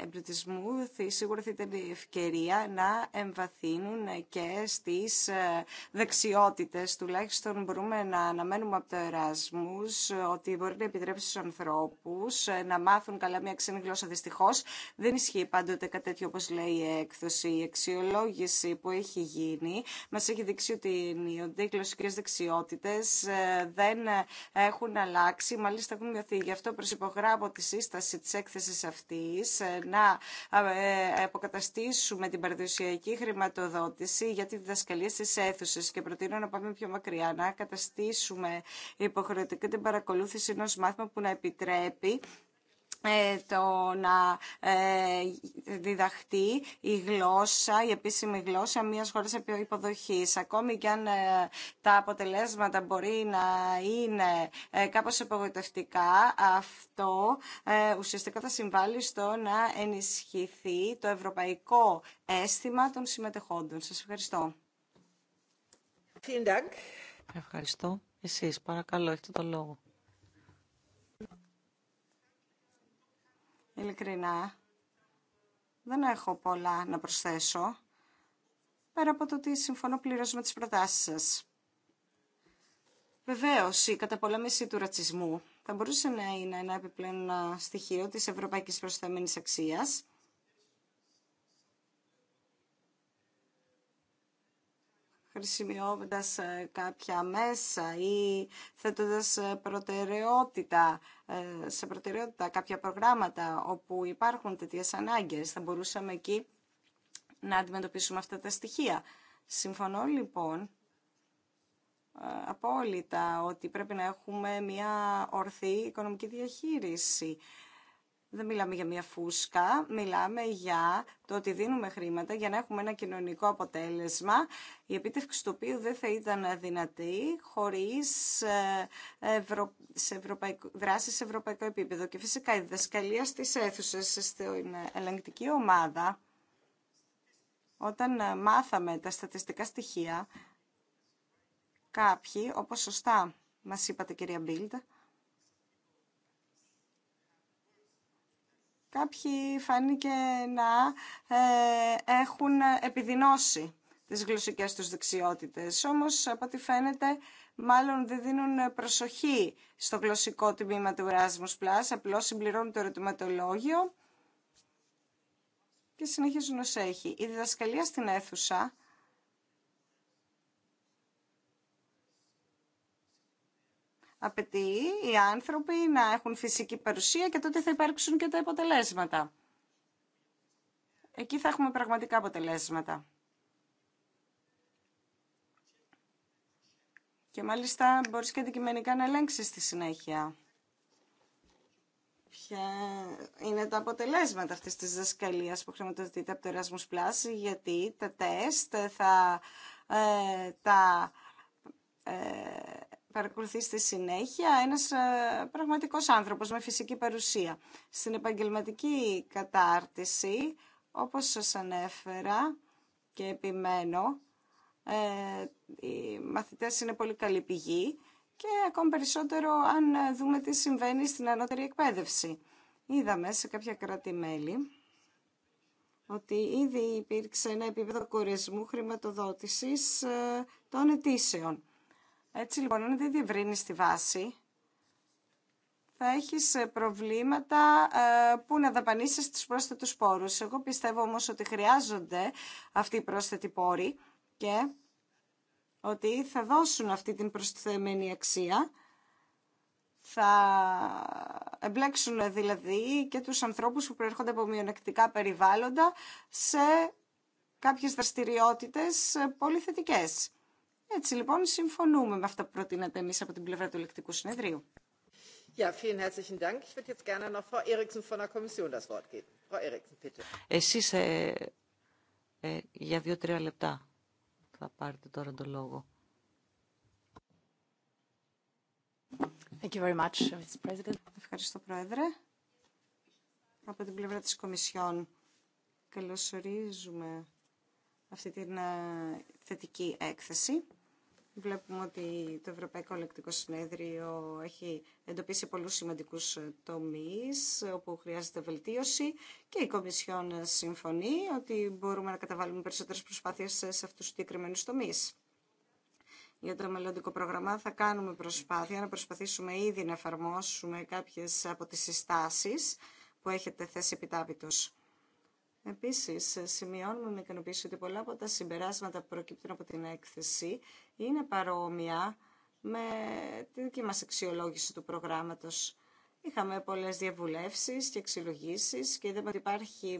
εμπλουτισμού σίγουρα θα ήταν η ευκαιρία να εμβαθύνουν και στις ε, δεξιότητες. Τουλάχιστον μπορούμε να αναμένουμε από το Εράσμους ότι μπορεί να επιτρέψει στους ανθρώπους ε, να μάθουν καλά μια ξένη γλώσσα. Δυστυχώς δεν ισχύει πάντοτε κάτι τέτοιο όπως λέει η έκδοση. Η αξιολόγηση που έχει γίνει μας έχει δείξει ότι οι γλωσσικές δεξιότητες ε, δεν έχουν αλλάξει, μάλιστα έχουν μειωθεί. Γι' αυτό προσυπογράφω τη σύσταση της έκθεσης αυτής να ε, αποκαταστήσουμε την παραδοσιακή χρηματοδότηση για τη διδασκαλία στις αίθουσες και προτείνω να πάμε πιο μακριά, να καταστήσουμε υποχρεωτική την παρακολούθηση ενός μάθημα που να επιτρέπει ε, το να ε, διδαχτεί η γλώσσα, η επίσημη γλώσσα μιας χώρας υποδοχής. Ακόμη και αν ε, τα αποτελέσματα μπορεί να είναι κάπως απογοητευτικά, αυτό ουσιαστικά θα συμβάλλει στο να ενισχυθεί το ευρωπαϊκό αίσθημα των συμμετεχόντων. Σας ευχαριστώ. Ευχαριστώ. Εσείς, παρακαλώ, έχετε το λόγο. Ειλικρινά, δεν έχω πολλά να προσθέσω, πέρα από το ότι συμφωνώ πλήρως με τις προτάσεις σας. Βεβαίως, η καταπολέμηση του ρατσισμού θα μπορούσε να είναι ένα επιπλέον στοιχείο της ευρωπαϊκής προσθέμενης αξίας, χρησιμοποιώντας ε, κάποια μέσα ή θέτοντας ε, προτεραιότητα, ε, σε προτεραιότητα κάποια προγράμματα όπου υπάρχουν τέτοιες ανάγκες. Θα μπορούσαμε εκεί να αντιμετωπίσουμε αυτά τα στοιχεία. Συμφωνώ λοιπόν απόλυτα ότι πρέπει να έχουμε μια ορθή οικονομική διαχείριση δεν μιλάμε για μια φούσκα, μιλάμε για το ότι δίνουμε χρήματα για να έχουμε ένα κοινωνικό αποτέλεσμα, η επίτευξη του οποίου δεν θα ήταν δυνατή χωρίς ε, ευρω... σε ευρωπαϊκο... δράση σε ευρωπαϊκό επίπεδο. Και φυσικά η διδασκαλία στις αίθουσες, στην ελεγκτική ομάδα, όταν ε, μάθαμε τα στατιστικά στοιχεία, κάποιοι, όπως σωστά μας είπατε κυρία Μπίλτ, Κάποιοι φάνηκε να ε, έχουν επιδεινώσει τις γλωσσικές τους δεξιότητες. Όμως, από ό,τι φαίνεται, μάλλον δεν δίνουν προσοχή στο γλωσσικό τμήμα του Erasmus Plus, απλώς συμπληρώνουν το ερωτηματολόγιο και συνεχίζουν ως έχει. Η διδασκαλία στην αίθουσα Απαιτεί οι άνθρωποι να έχουν φυσική παρουσία και τότε θα υπάρξουν και τα αποτελέσματα. Εκεί θα έχουμε πραγματικά αποτελέσματα. Και μάλιστα μπορείς και αντικειμενικά να ελέγξεις στη συνέχεια. Ποια είναι τα αποτελέσματα αυτής της δασκαλίας που χρηματοδοτείται από το Erasmus Plus, γιατί τα τεστ θα ε, τα ε, παρακολουθεί στη συνέχεια ένας ε, πραγματικός άνθρωπος με φυσική παρουσία. Στην επαγγελματική κατάρτιση, όπως σας ανέφερα και επιμένω, ε, οι μαθητές είναι πολύ καλή πηγή και ακόμη περισσότερο αν ε, δούμε τι συμβαίνει στην ανώτερη εκπαίδευση. Είδαμε σε κάποια κράτη-μέλη ότι ήδη υπήρξε ένα επίπεδο κορεσμού χρηματοδότησης των αιτήσεων. Έτσι λοιπόν, αν δεν διευρύνεις τη βάση, θα έχεις ε, προβλήματα ε, που να δαπανίσεις τους πρόσθετους πόρους. Εγώ πιστεύω όμως ότι χρειάζονται αυτοί οι πρόσθετοι πόροι και ότι θα δώσουν αυτή την προσθεμένη αξία. Θα εμπλέξουν δηλαδή και τους ανθρώπους που προέρχονται από μειονεκτικά περιβάλλοντα σε κάποιες δραστηριότητες ε, πολύ θετικές. Έτσι λοιπόν συμφωνούμε με αυτά που προτείνατε εμείς από την πλευρά του Ελεκτικού Συνεδρίου. Ja, vielen herzlichen Dank. Ich würde jetzt gerne noch Frau Eriksen von der Kommission das Wort geben. Frau Eriksen, bitte. Εσείς ε, ε, για δύο-τρία λεπτά θα πάρετε τώρα το λόγο. Thank you very much, Mr. President. Ich Ευχαριστώ, Πρόεδρε. Από την πλευρά της Κομισιόν καλωσορίζουμε αυτή την ε, θετική έκθεση. Βλέπουμε ότι το Ευρωπαϊκό Ελεκτικό Συνέδριο έχει εντοπίσει πολλούς σημαντικούς ε, τομείς ε, όπου χρειάζεται βελτίωση και η Κομισιόν ε, συμφωνεί ότι μπορούμε να καταβάλουμε περισσότερες προσπάθειες σε αυτούς τους συγκεκριμένου τομείς. Για το μελλοντικό πρόγραμμα θα κάνουμε προσπάθεια να προσπαθήσουμε ήδη να εφαρμόσουμε κάποιες από τις συστάσεις που έχετε θέσει επιτάπητος. Επίση, σημειώνουμε με ικανοποίηση ότι πολλά από τα συμπεράσματα που προκύπτουν από την έκθεση είναι παρόμοια με τη δική μα αξιολόγηση του προγράμματο. Είχαμε πολλέ διαβουλευσει και αξιολογήσει και είδαμε ότι υπάρχει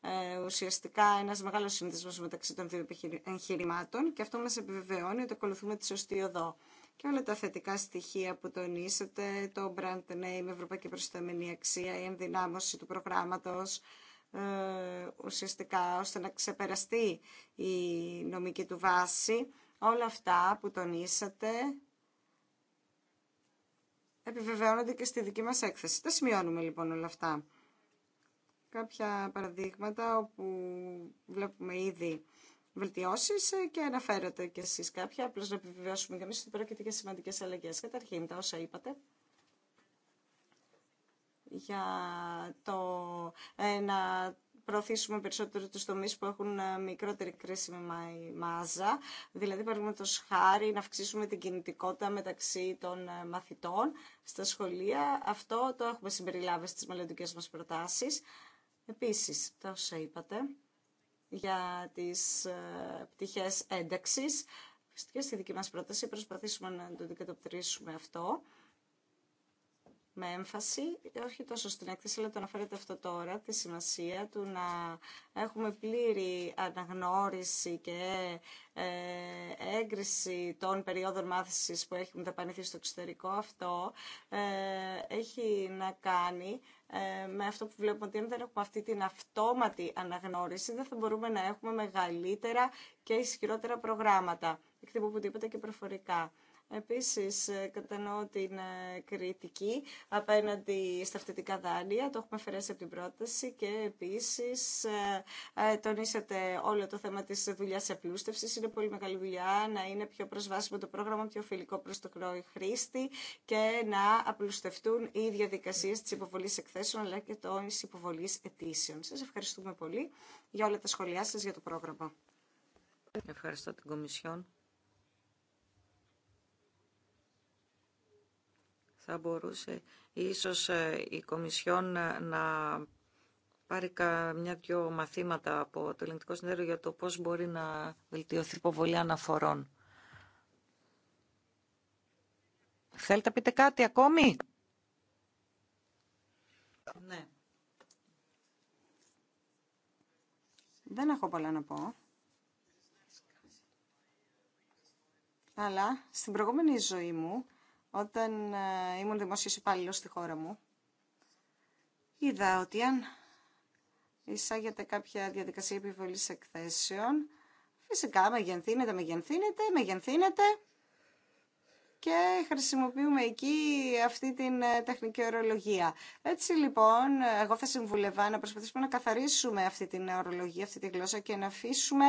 ε, ουσιαστικά ένα μεγάλο συνδεσμός μεταξύ των δύο εγχειρημάτων και αυτό μα επιβεβαιώνει ότι ακολουθούμε τη σωστή οδό. Και όλα τα θετικά στοιχεία που τονίσατε, το brand name, ευρωπαϊκή προσταμενή αξία, η ενδυνάμωση του προγράμματο. Ε, ουσιαστικά ώστε να ξεπεραστεί η νομική του βάση. Όλα αυτά που τονίσατε επιβεβαιώνονται και στη δική μας έκθεση. Τα σημειώνουμε λοιπόν όλα αυτά. Κάποια παραδείγματα όπου βλέπουμε ήδη βελτιώσεις ε, και αναφέρατε κι εσείς κάποια, απλώς να επιβεβαιώσουμε και εμείς ότι πρόκειται για σημαντικές αλλαγές. Καταρχήν, τα όσα είπατε για το ε, να προωθήσουμε περισσότερο τους τομείς που έχουν ε, μικρότερη κρίσιμη μάζα, δηλαδή παραδείγματο χάρη να αυξήσουμε την κινητικότητα μεταξύ των ε, μαθητών στα σχολεία. Αυτό το έχουμε συμπεριλάβει στις μελλοντικέ μας προτάσεις. Επίσης, τα είπατε, για τις πτυχές ένταξης, στη δική μας πρόταση προσπαθήσουμε να το αντικατοπτρίσουμε αυτό με έμφαση, όχι τόσο στην έκθεση, αλλά το αναφέρεται αυτό τώρα, τη σημασία του να έχουμε πλήρη αναγνώριση και ε, έγκριση των περίοδων μάθησης που έχουν δαπανηθεί στο εξωτερικό. Αυτό ε, έχει να κάνει ε, με αυτό που βλέπουμε ότι αν δεν έχουμε αυτή την αυτόματη αναγνώριση, δεν θα μπορούμε να έχουμε μεγαλύτερα και ισχυρότερα προγράμματα. Εκτιμώ που και προφορικά. Επίσης, ε, κατανοώ την ε, κριτική απέναντι στα φτητικά δάνεια, το έχουμε αφαιρέσει από την πρόταση και επίσης ε, τονίσατε όλο το θέμα της δουλειάς απλούστευσης. Είναι πολύ μεγάλη δουλειά να είναι πιο προσβάσιμο το πρόγραμμα, πιο φιλικό προς το χρήστη και να απλουστευτούν οι διαδικασίες της υποβολής εκθέσεων αλλά και των υποβολής αιτήσεων. Σας ευχαριστούμε πολύ για όλα τα σχόλιά σας για το πρόγραμμα. Ευχαριστώ την Κομισιόν. θα μπορούσε ίσως ε, η Κομισιόν ε, να πάρει μια-δυο μαθήματα από το Ελληνικό Συνέδριο για το πώς μπορεί να βελτιωθεί η υποβολή αναφορών. Θέλετε να πείτε κάτι ακόμη? Ναι. Δεν έχω πολλά να πω. Αλλά στην προηγούμενη ζωή μου όταν ε, ήμουν δημόσιος υπάλληλος στη χώρα μου, είδα ότι αν εισάγεται κάποια διαδικασία επιβολής εκθέσεων, φυσικά μεγενθύνεται, μεγενθύνεται, μεγενθύνεται και χρησιμοποιούμε εκεί αυτή την ε, τεχνική ορολογία. Έτσι λοιπόν, εγώ θα συμβουλευά να προσπαθήσουμε να καθαρίσουμε αυτή την ορολογία, αυτή τη γλώσσα και να αφήσουμε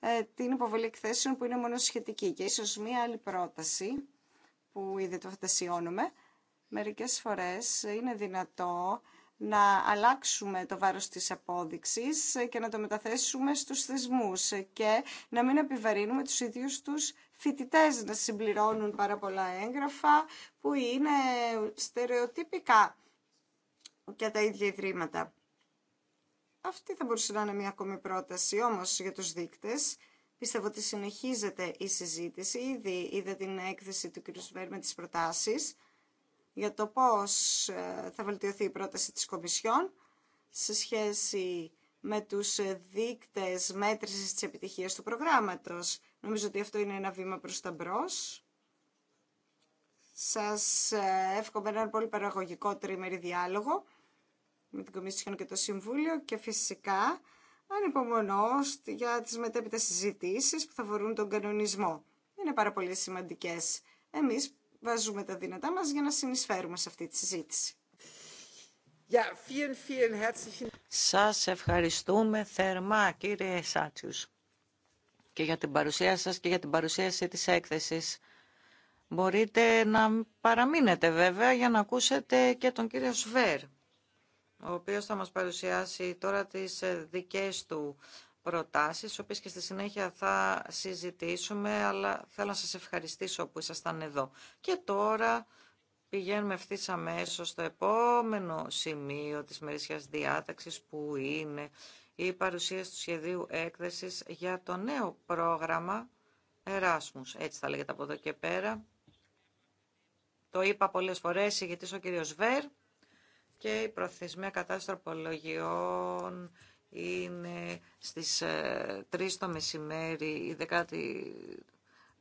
ε, την υποβολή εκθέσεων που είναι μόνο σχετική. Και ίσως μία άλλη πρόταση που ήδη το φαντασιώνουμε, μερικές φορές είναι δυνατό να αλλάξουμε το βάρος της απόδειξης και να το μεταθέσουμε στους θεσμούς και να μην επιβαρύνουμε τους ίδιους τους φοιτητέ, να συμπληρώνουν πάρα πολλά έγγραφα που είναι στερεοτυπικά και τα ίδια ιδρύματα. Αυτή θα μπορούσε να είναι μια ακόμη πρόταση όμως για τους δείκτες Πιστεύω ότι συνεχίζεται η συζήτηση. Ήδη είδα την έκθεση του κ. Σβέρ με τις προτάσεις για το πώς ε, θα βελτιωθεί η πρόταση της Κομισιόν σε σχέση με τους δείκτες μέτρησης της επιτυχίας του προγράμματος. Νομίζω ότι αυτό είναι ένα βήμα προς τα μπρος. Σας ε, εύχομαι έναν πολύ παραγωγικό τριμερή διάλογο με την Κομισιόν και το Συμβούλιο και φυσικά ανυπομονώ για τις μετέπειτα συζητήσεις που θα αφορούν τον κανονισμό. Είναι πάρα πολύ σημαντικές. Εμείς βάζουμε τα δυνατά μας για να συνεισφέρουμε σε αυτή τη συζήτηση. Σας ευχαριστούμε θερμά κύριε Σάτσιους και για την παρουσία σας και για την παρουσίαση της έκθεσης. Μπορείτε να παραμείνετε βέβαια για να ακούσετε και τον κύριο Σβέρ ο οποίος θα μας παρουσιάσει τώρα τις ε, δικές του προτάσεις, οποίες και στη συνέχεια θα συζητήσουμε, αλλά θέλω να σας ευχαριστήσω που ήσασταν εδώ. Και τώρα πηγαίνουμε ευθύ αμέσως στο επόμενο σημείο της μερίσιας διάταξης, που είναι η παρουσίαση του σχεδίου έκθεσης για το νέο πρόγραμμα Εράσμους. Έτσι θα λέγεται από εδώ και πέρα. Το είπα πολλές φορές, ηγετής ο κύριος Βέρ και η προθεσμία κατάσταση τροπολογιών είναι στις 3 ε, το μεσημέρι, η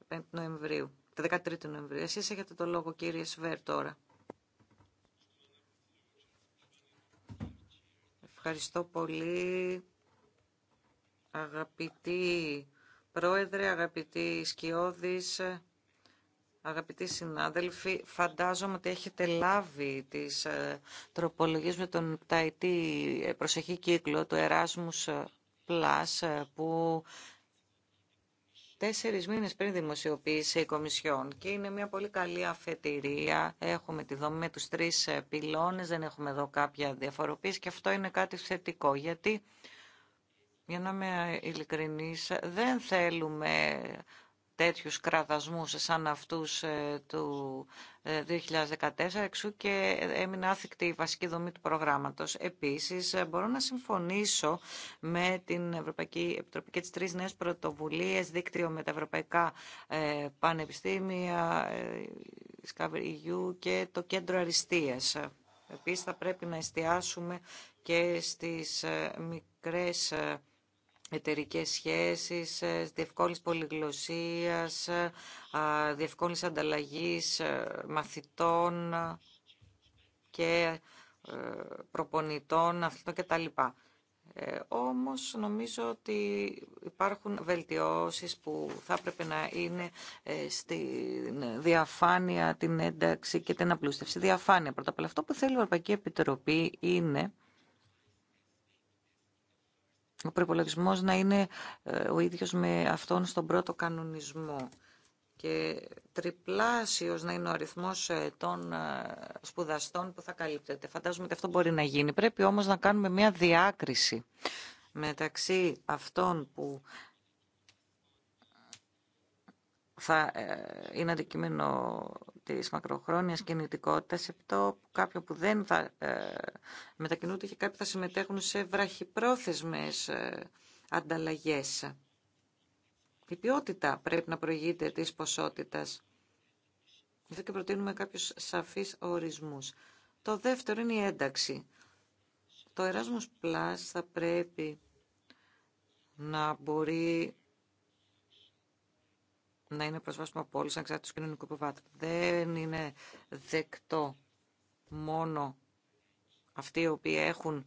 15 Νοεμβρίου, τα 13 Νοεμβρίου. Εσείς έχετε το λόγο κύριε Σβέρ τώρα. Ευχαριστώ πολύ αγαπητή πρόεδρε, αγαπητή Σκιώδης, Αγαπητοί συνάδελφοι, φαντάζομαι ότι έχετε λάβει τις ε, τροπολογίες με τον ταϊτή ε, προσεχή κύκλο του Erasmus ε, Plus που τέσσερις μήνες πριν δημοσιοποίησε η Κομισιόν και είναι μια πολύ καλή αφετηρία. Έχουμε τη δομή με τους τρεις πυλώνες, δεν έχουμε εδώ κάποια διαφοροποίηση και αυτό είναι κάτι θετικό γιατί για να είμαι ειλικρινής, δεν θέλουμε τέτοιους κραδασμούς σαν αυτούς ε, του 2014, ε, εξού και έμεινε άθικτη η βασική δομή του προγράμματος. Επίσης, ε, μπορώ να συμφωνήσω με την Ευρωπαϊκή Επιτροπή και τις τρεις νέες πρωτοβουλίες, δίκτυο με τα Ευρωπαϊκά Πανεπιστήμια, Σκαβριγιού και το Κέντρο Αριστείας. Επίσης, θα πρέπει να εστιάσουμε και στις μικρές εταιρικές σχέσεις, ε, διευκόλυνση πολυγλωσσίας, ε, διευκόλυνση ανταλλαγής ε, μαθητών και προπονητών, αθλητών κτλ. Ε, όμως νομίζω ότι υπάρχουν βελτιώσεις που θα έπρεπε να είναι στη διαφάνεια, την ένταξη και την απλούστευση. Διαφάνεια πρώτα απ' όλα. Αυτό που θέλει η Ευρωπαϊκή Επιτροπή είναι ο προπολογισμό να είναι ε, ο ίδιος με αυτόν στον πρώτο κανονισμό και τριπλάσιος να είναι ο αριθμός ε, των ε, σπουδαστών που θα καλύπτεται. Φαντάζομαι ότι αυτό μπορεί να γίνει. Πρέπει όμως να κάνουμε μια διάκριση μεταξύ αυτών που θα ε, είναι αντικείμενο της μακροχρόνιας κινητικότητας, αυτό κάποιο που δεν θα ε, μετακινούνται και κάποιοι θα συμμετέχουν σε βραχυπρόθεσμες ε, ανταλλαγές. Η ποιότητα πρέπει να προηγείται της ποσότητας. Εδώ και προτείνουμε κάποιους σαφείς ορισμούς. Το δεύτερο είναι η ένταξη. Το Erasmus Plus θα πρέπει να μπορεί να είναι προσβάσιμο από όλους τους κοινωνικού υποβάτου. Δεν είναι δεκτό μόνο αυτοί οι οποίοι έχουν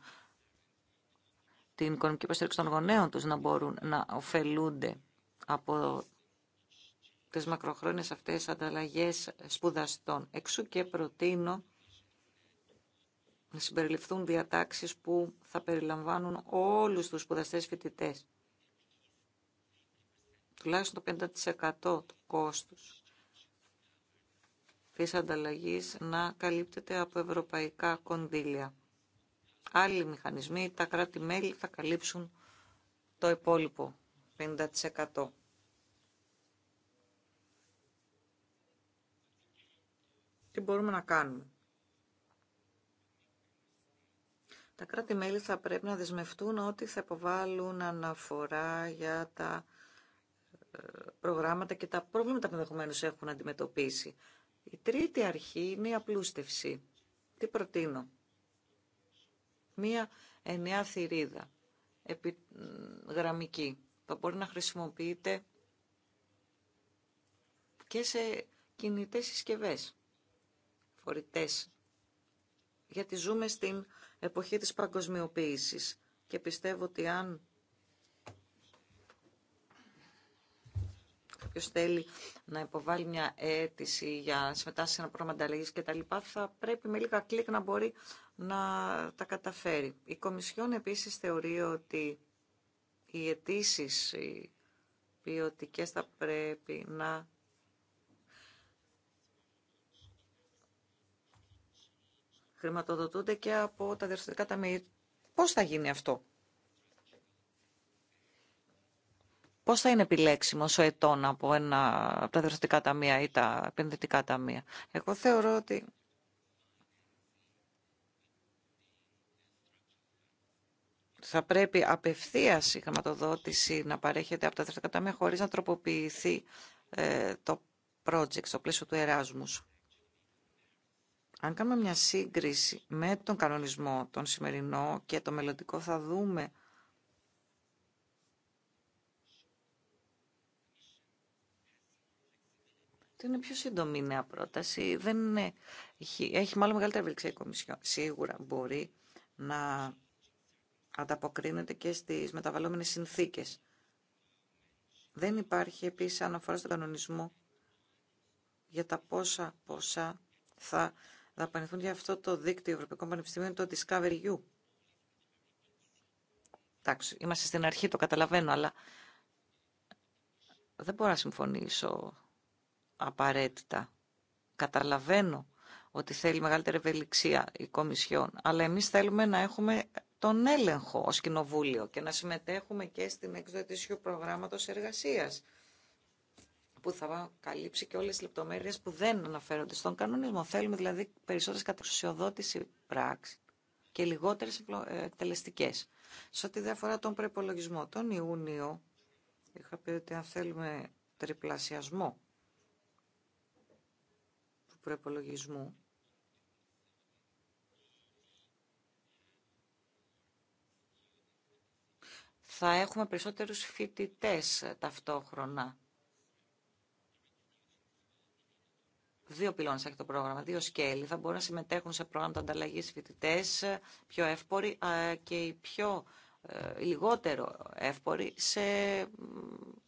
την οικονομική υποστήριξη των γονέων τους να μπορούν να ωφελούνται από τις μακροχρόνιες αυτές ανταλλαγές σπουδαστών. Εξού και προτείνω να συμπεριληφθούν διατάξεις που θα περιλαμβάνουν όλους τους σπουδαστές φοιτητές τουλάχιστον το 50% του κόστους της ανταλλαγής να καλύπτεται από ευρωπαϊκά κονδύλια. Άλλοι μηχανισμοί, τα κράτη-μέλη θα καλύψουν το υπόλοιπο 50%. Τι μπορούμε να κάνουμε. Τα κράτη-μέλη θα πρέπει να δεσμευτούν ότι θα υποβάλουν αναφορά για τα προγράμματα και τα προβλήματα που ενδεχομένω έχουν αντιμετωπίσει. Η τρίτη αρχή είναι η απλούστευση. Τι προτείνω. Μία ενιαία θηρίδα γραμμική που μπορεί να χρησιμοποιείται και σε κινητές συσκευές, φορητές. Γιατί ζούμε στην εποχή της παγκοσμιοποίησης και πιστεύω ότι αν όποιο θέλει να υποβάλει μια αίτηση για να συμμετάσχει σε ένα πρόγραμμα ανταλλαγή κτλ., θα πρέπει με λίγα κλικ να μπορεί να τα καταφέρει. Η Κομισιόν επίση θεωρεί ότι οι αιτήσει ποιοτικέ θα πρέπει να χρηματοδοτούνται και από τα διευθυντικά ταμεία. Πώς θα γίνει αυτό. Πώ θα είναι επιλέξιμο ο ετών από, ένα, από τα διευθυντικά ταμεία ή τα επενδυτικά ταμεία. Εγώ θεωρώ ότι θα πρέπει απευθείας η χρηματοδότηση να παρέχεται από τα διευθυντικά ταμεία απευθεια η χρηματοδοτηση να τροποποιηθεί ε, το project στο πλαίσιο του Εράσμού. Αν κάνουμε μια σύγκριση με τον κανονισμό, τον σημερινό και το μελλοντικό, θα δούμε τι είναι πιο σύντομη η νέα πρόταση. Δεν έχει, έχει μάλλον μεγαλύτερη ευελιξία η Κομισιόν. Σίγουρα μπορεί να ανταποκρίνεται και στις μεταβαλλόμενες συνθήκες. Δεν υπάρχει επίσης αναφορά στον κανονισμό για τα πόσα πόσα θα δαπανηθούν για αυτό το δίκτυο Ευρωπαϊκών Πανεπιστημίων, το Discover You. Εντάξει, είμαστε στην αρχή, το καταλαβαίνω, αλλά δεν μπορώ να συμφωνήσω απαραίτητα. Καταλαβαίνω ότι θέλει μεγαλύτερη ευελιξία η Κομισιόν, αλλά εμείς θέλουμε να έχουμε τον έλεγχο ως Κοινοβούλιο και να συμμετέχουμε και στην εκδοτήση προγράμματος εργασίας που θα καλύψει και όλες τις λεπτομέρειες που δεν αναφέρονται στον κανονισμό. Θέλουμε δηλαδή περισσότερες καταξιοδότηση πράξη και λιγότερες ε, εκτελεστικέ. Σε ό,τι διαφορά τον προπολογισμό, τον Ιούνιο είχα πει ότι αν θέλουμε τριπλασιασμό προπολογισμού θα έχουμε περισσότερους φοιτητές ταυτόχρονα. Δύο πυλώνε έχει το πρόγραμμα, δύο σκέλη. Θα μπορούν να συμμετέχουν σε πρόγραμμα ανταλλαγή φοιτητέ. πιο εύποροι και οι πιο ε, λιγότερο εύποροι σε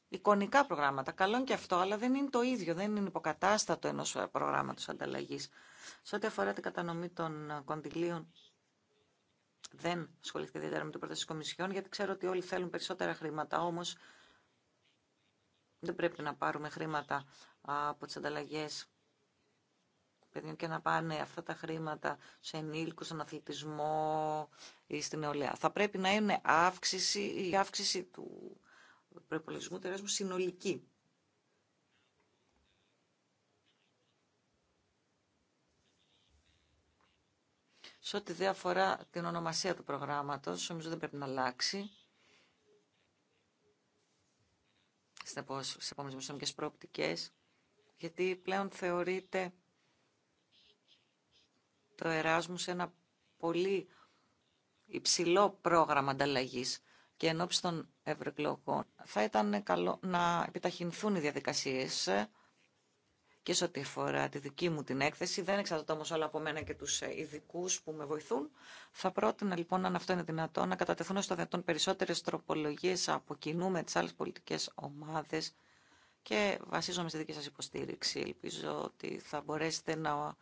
εικονικά προγράμματα. Καλό είναι και αυτό, αλλά δεν είναι το ίδιο, δεν είναι υποκατάστατο ενός προγράμματος ανταλλαγής. Σε ό,τι αφορά την κατανομή των κοντιλίων, δεν ασχοληθήκατε ιδιαίτερα με την πρόταση της Κομισιόν, γιατί ξέρω ότι όλοι θέλουν περισσότερα χρήματα, όμως δεν πρέπει να πάρουμε χρήματα από τις ανταλλαγές παιδιών και να πάνε αυτά τα χρήματα σε ενήλικους, στον αθλητισμό ή στην νεολαία. Θα πρέπει να είναι αύξηση, η αύξηση του προπολογισμού τεράσμου συνολική. Σε ό,τι δε αφορά την ονομασία του προγράμματος, νομίζω δεν πρέπει να ειναι αυξηση η αυξηση του προϋπολογισμού τερασμου συνολικη σε οτι δε αφορα την ονομασια του προγραμματος νομιζω δεν πρεπει να αλλαξει Στι επόμενε μεσονομικές προοπτικέ, γιατί πλέον θεωρείται το σε ένα πολύ υψηλό πρόγραμμα ανταλλαγή και εν ώψη των ευρωεκλογών. Θα ήταν καλό να επιταχυνθούν οι διαδικασίες και σε ό,τι αφορά τη δική μου την έκθεση. Δεν εξαρτάται όμως όλα από μένα και τους ε, ειδικού που με βοηθούν. Θα πρότεινα λοιπόν, αν αυτό είναι δυνατό, να κατατεθούν στο δυνατόν περισσότερες τροπολογίες από κοινού με τις άλλες πολιτικές ομάδες και βασίζομαι στη δική σας υποστήριξη. Ελπίζω ότι θα μπορέσετε να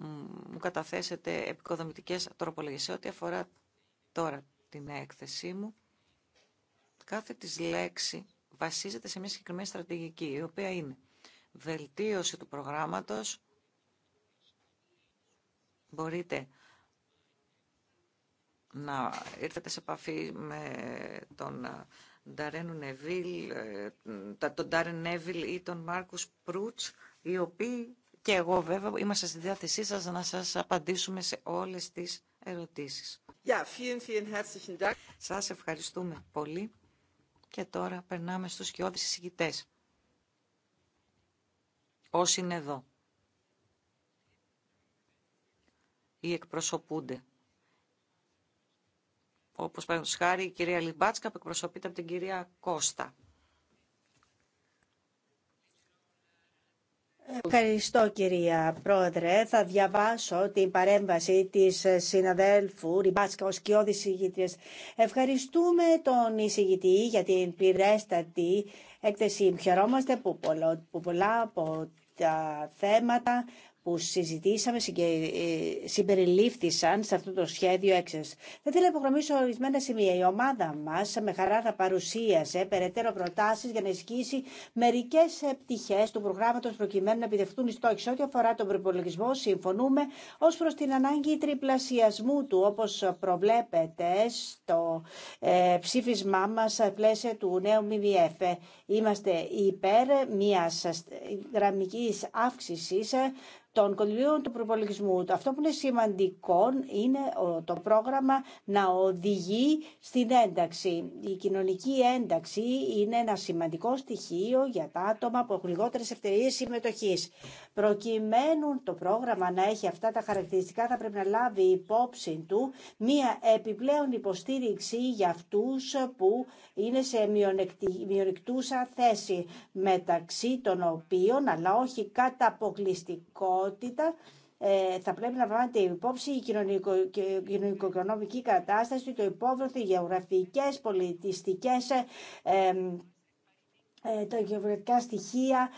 μου καταθέσετε επικοδομητικές τροπολογίες. Σε ό,τι αφορά τώρα την έκθεσή μου, κάθε της λέξη βασίζεται σε μια συγκεκριμένη στρατηγική, η οποία είναι βελτίωση του προγράμματος. Μπορείτε να ήρθατε σε επαφή με τον Νταρένου Νεβίλ, ε, τον Ντάρεν Νεβίλ ή τον Μάρκους Προύτς, οι οποίοι και εγώ βέβαια είμαστε στη διάθεσή σας να σας απαντήσουμε σε όλες τις ερωτήσεις. Σα Σας ευχαριστούμε πολύ. Και τώρα περνάμε στους σκιώδεις εισηγητές. Όσοι είναι εδώ ή εκπροσωπούνται. Όπως παραδείγματος χάρη η κυρία Λιμπάτσκα που εκπροσωπείται από την κυρία Κώστα. Ευχαριστώ κυρία Πρόεδρε. Θα διαβάσω την παρέμβαση της συναδέλφου Ριμπάσκα ως κοιόδης συγγητρίας. Ευχαριστούμε τον εισηγητή για την πληρέστατη έκθεση. Χαιρόμαστε που πολλά από τα θέματα που συζητήσαμε και ε, συμπεριλήφθησαν σε αυτό το σχέδιο έξεση. Θα ήθελα να υπογραμμίσω ορισμένα σημεία. Η ομάδα μα με χαρά θα παρουσίασε περαιτέρω προτάσει για να ισχύσει μερικέ ε, πτυχέ του προγράμματο προκειμένου να επιτευχθούν οι στόχοι. ό,τι αφορά τον προπολογισμό, συμφωνούμε ω προ την ανάγκη τριπλασιασμού του, όπω προβλέπετε στο ε, ψήφισμά μα πλαίσια του νέου ΜΜΕΦ Είμαστε υπέρ μια γραμμική αύξηση των κονδυλίων του προπολογισμού. Αυτό που είναι σημαντικό είναι το πρόγραμμα να οδηγεί στην ένταξη. Η κοινωνική ένταξη είναι ένα σημαντικό στοιχείο για τα άτομα που έχουν λιγότερε ευκαιρίε συμμετοχή. Προκειμένου το πρόγραμμα να έχει αυτά τα χαρακτηριστικά, θα πρέπει να λάβει υπόψη του μία επιπλέον υποστήριξη για αυτού που είναι σε μειονεκτούσα θέση, μεταξύ των οποίων, αλλά όχι κατά αποκλειστικό, ε, θα πρέπει να λαμβάνεται υπόψη η κοινωνικο-οικονομική κατάσταση, το υπόβαθρο, οι γεωγραφικές, πολιτιστικές, ε, ε, τα γεωγραφικά στοιχεία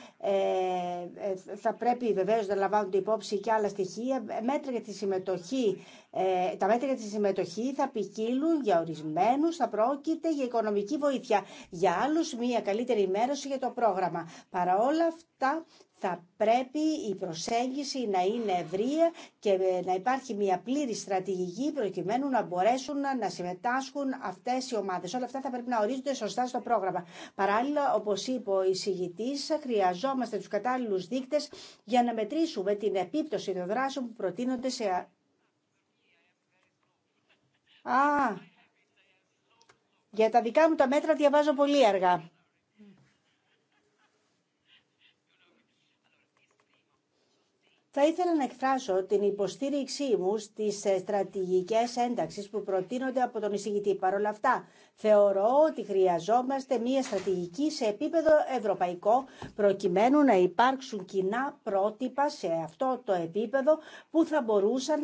θα πρέπει βεβαίως να λαμβάνονται υπόψη και άλλα στοιχεία, μέτρα για τη συμμετοχή ε, τα μέτρα για τη συμμετοχή θα ποικίλουν για ορισμένους, θα πρόκειται για οικονομική βοήθεια. Για άλλους μια καλύτερη μέρωση για το πρόγραμμα. Παρά όλα αυτά θα πρέπει η προσέγγιση να είναι ευρεία και ε, να υπάρχει μια πλήρη στρατηγική προκειμένου να μπορέσουν να συμμετάσχουν αυτές οι ομάδες. Όλα αυτά θα πρέπει να ορίζονται σωστά στο πρόγραμμα. Παράλληλα, όπως είπε ο εισηγητής, χρειαζόμαστε τους κατάλληλους δείκτες για να μετρήσουμε την επίπτωση των δράσεων που προτείνονται σε Α, για τα δικά μου τα μέτρα διαβάζω πολύ αργά. Θα ήθελα να εκφράσω την υποστήριξή μου στι ε, στρατηγικές ένταξει που προτείνονται από τον εισηγητή. Παρ' όλα αυτά, θεωρώ ότι χρειαζόμαστε μια στρατηγική σε επίπεδο ευρωπαϊκό, προκειμένου να υπάρξουν κοινά πρότυπα σε αυτό το επίπεδο που θα μπορούσαν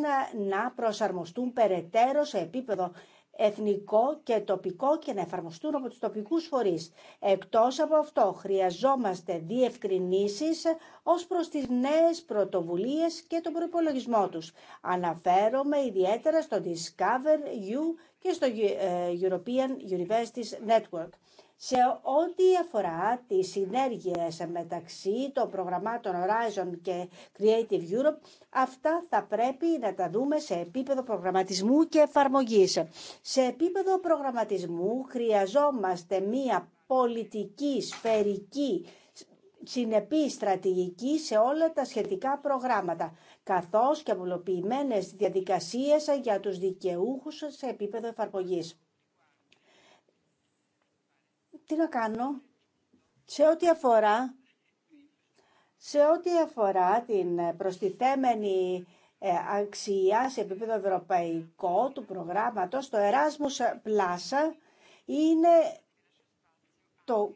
να προσαρμοστούν περαιτέρω σε επίπεδο εθνικό και τοπικό και να εφαρμοστούν από τους τοπικούς φορείς. Εκτός από αυτό, χρειαζόμαστε διευκρινήσεις ως προς τις νέες πρωτοβουλίες και τον προϋπολογισμό τους. Αναφέρομαι ιδιαίτερα στο Discover You και στο ε, European Universities Network. Σε ό,τι αφορά τις συνέργειες μεταξύ των προγραμμάτων Horizon και Creative Europe, αυτά θα πρέπει να τα δούμε σε επίπεδο προγραμματισμού και εφαρμογής. Σε επίπεδο προγραμματισμού χρειαζόμαστε μία πολιτική, σφαιρική συνεπή στρατηγική σε όλα τα σχετικά προγράμματα, καθώς και απολοποιημένες διαδικασίες για τους δικαιούχους σε επίπεδο εφαρμογής. Τι να κάνω σε ό,τι αφορά, σε ό,τι αφορά την προστιθέμενη ε, αξία σε επίπεδο ευρωπαϊκό του προγράμματος, το Erasmus Plus είναι το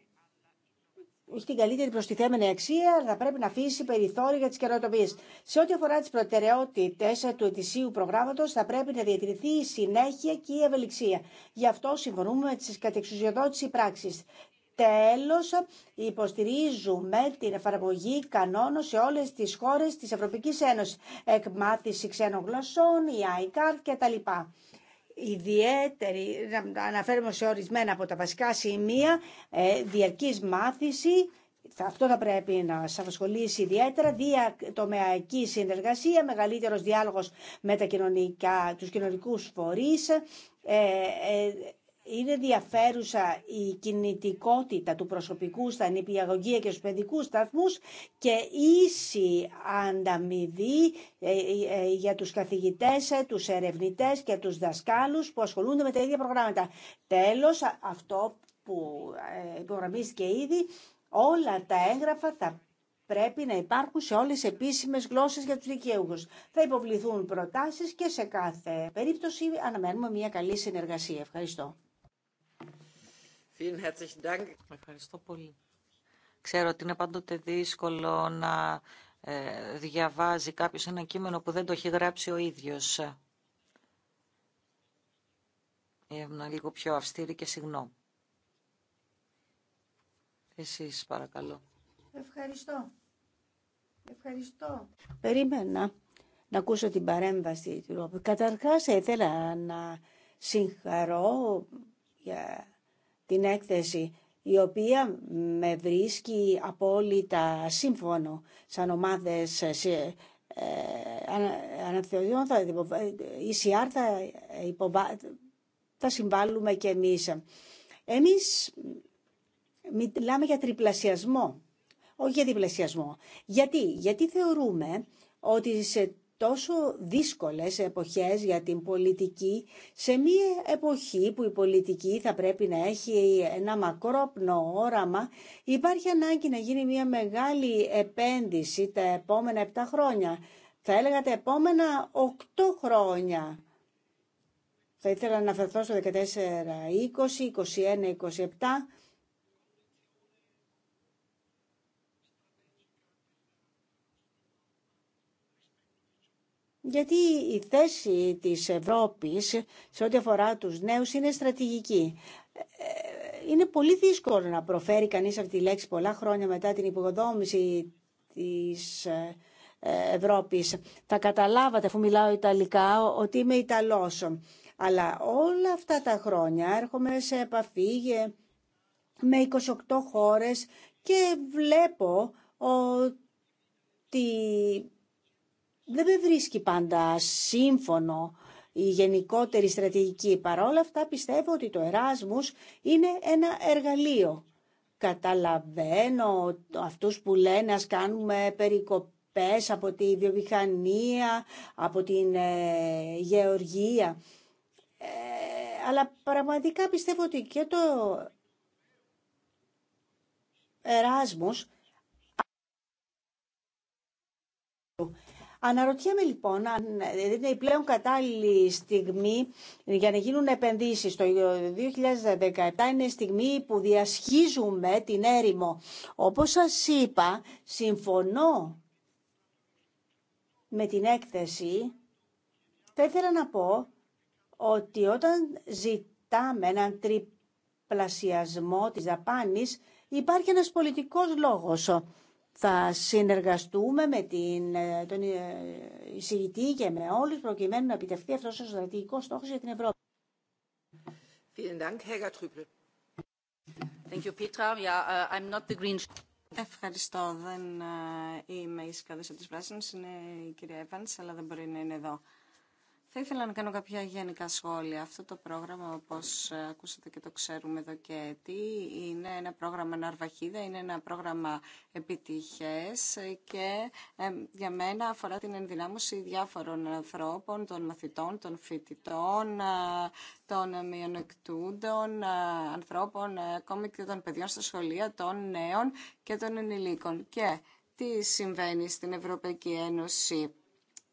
έχει την καλύτερη προστιθέμενη αξία, αλλά θα πρέπει να αφήσει περιθώριο για τι καινοτομίε. Σε ό,τι αφορά τι προτεραιότητε του ετησίου προγράμματο, θα πρέπει να διατηρηθεί η συνέχεια και η ευελιξία. Γι' αυτό συμφωνούμε με τι κατεξουσιοδότηση πράξη. Τέλος, υποστηρίζουμε την εφαρμογή κανόνων σε όλε τι χώρε τη Ευρωπαϊκή Ένωση, εκμάθηση ξένων γλωσσών, η ICAR κτλ ιδιαίτερη, να αναφέρουμε σε ορισμένα από τα βασικά σημεία, ε, διαρκής μάθηση, αυτό θα πρέπει να σα απασχολήσει ιδιαίτερα. Διατομεακή συνεργασία, μεγαλύτερο διάλογο με τα κοινωνικά, τους κοινωνικούς φορείς, ε, ε, είναι ενδιαφέρουσα η κινητικότητα του προσωπικού στα νηπιαγωγεία και στους παιδικούς σταθμούς και ίση ανταμοιβή ε, ε, ε, για τους καθηγητές, τους ερευνητές και τους δασκάλους που ασχολούνται με τα ίδια προγράμματα. Τέλος, αυτό που υπογραμμίστηκε ήδη, όλα τα έγγραφα θα πρέπει να υπάρχουν σε όλες τις επίσημες γλώσσες για τους δικαιούχους. Θα υποβληθούν προτάσεις και σε κάθε περίπτωση αναμένουμε μια καλή συνεργασία. Ευχαριστώ. Ευχαριστώ πολύ. Ξέρω ότι είναι πάντοτε δύσκολο να ε, διαβάζει κάποιο ένα κείμενο που δεν το έχει γράψει ο ίδιος. Ε, να λίγο πιο αυστήρη και συγγνώμη. Εσείς παρακαλώ. Ευχαριστώ. Ευχαριστώ. Περίμενα να ακούσω την παρέμβαση του Ρόπου. Καταρχάς ήθελα να συγχαρώ για την έκθεση η οποία με βρίσκει απόλυτα σύμφωνο σαν ομάδες ε, Η ε, ε, ΣΥΑΡ θα, υποβα... θα συμβάλλουμε και εμείς. Εμείς μιλάμε για τριπλασιασμό, όχι για διπλασιασμό. Γιατί, Γιατί θεωρούμε ότι σε τόσο δύσκολες εποχές για την πολιτική, σε μία εποχή που η πολιτική θα πρέπει να έχει ένα μακρόπνο όραμα, υπάρχει ανάγκη να γίνει μία μεγάλη επένδυση τα επόμενα 7 χρόνια. Θα έλεγα τα επόμενα 8 χρόνια. Θα ήθελα να αναφερθώ στο 14, 20, 21, 27 γιατί η θέση της Ευρώπης σε ό,τι αφορά τους νέους είναι στρατηγική. Ε, είναι πολύ δύσκολο να προφέρει κανείς αυτή τη λέξη πολλά χρόνια μετά την υποδόμηση της ε, Ευρώπης. Θα καταλάβατε, αφού μιλάω Ιταλικά, ότι είμαι Ιταλός. Αλλά όλα αυτά τα χρόνια έρχομαι σε επαφή με 28 χώρες και βλέπω ότι δεν με βρίσκει πάντα σύμφωνο η γενικότερη στρατηγική. Παρόλα αυτά πιστεύω ότι το Εράσμους είναι ένα εργαλείο. Καταλαβαίνω αυτούς που λένε ας κάνουμε περικοπές από τη βιομηχανία, από την ε, γεωργία. Ε, αλλά πραγματικά πιστεύω ότι και το Εράσμους Αναρωτιέμαι λοιπόν αν δηλαδή, είναι η πλέον κατάλληλη στιγμή για να γίνουν επενδύσεις. Το 2017 είναι η στιγμή που διασχίζουμε την έρημο. Όπως σας είπα, συμφωνώ με την έκθεση. Θα ήθελα να πω ότι όταν ζητάμε έναν τριπλασιασμό της δαπάνης, υπάρχει ένας πολιτικός λόγος θα συνεργαστούμε με την, ε, τον ε, εισηγητή και με όλους προκειμένου να επιτευχθεί αυτός ο στρατηγικός στόχος για την Ευρώπη. Ευχαριστώ. Δεν ε, είμαι η σκάδος της Βράσινης. είναι η κυρία Evans, αλλά δεν μπορεί να είναι εδώ. Θα ήθελα να κάνω κάποια γενικά σχόλια. Αυτό το πρόγραμμα, όπως ε, ακούσατε και το ξέρουμε εδώ και τι, είναι ένα πρόγραμμα ναρβαχίδα, είναι ένα πρόγραμμα επιτυχές και ε, για μένα αφορά την ενδυνάμωση διάφορων ανθρώπων, των μαθητών, των φοιτητών, ε, των μειονεκτούντων ανθρώπων, ακόμη και των παιδιών στα σχολεία, των νέων και των ενηλίκων. Και τι συμβαίνει στην Ευρωπαϊκή Ένωση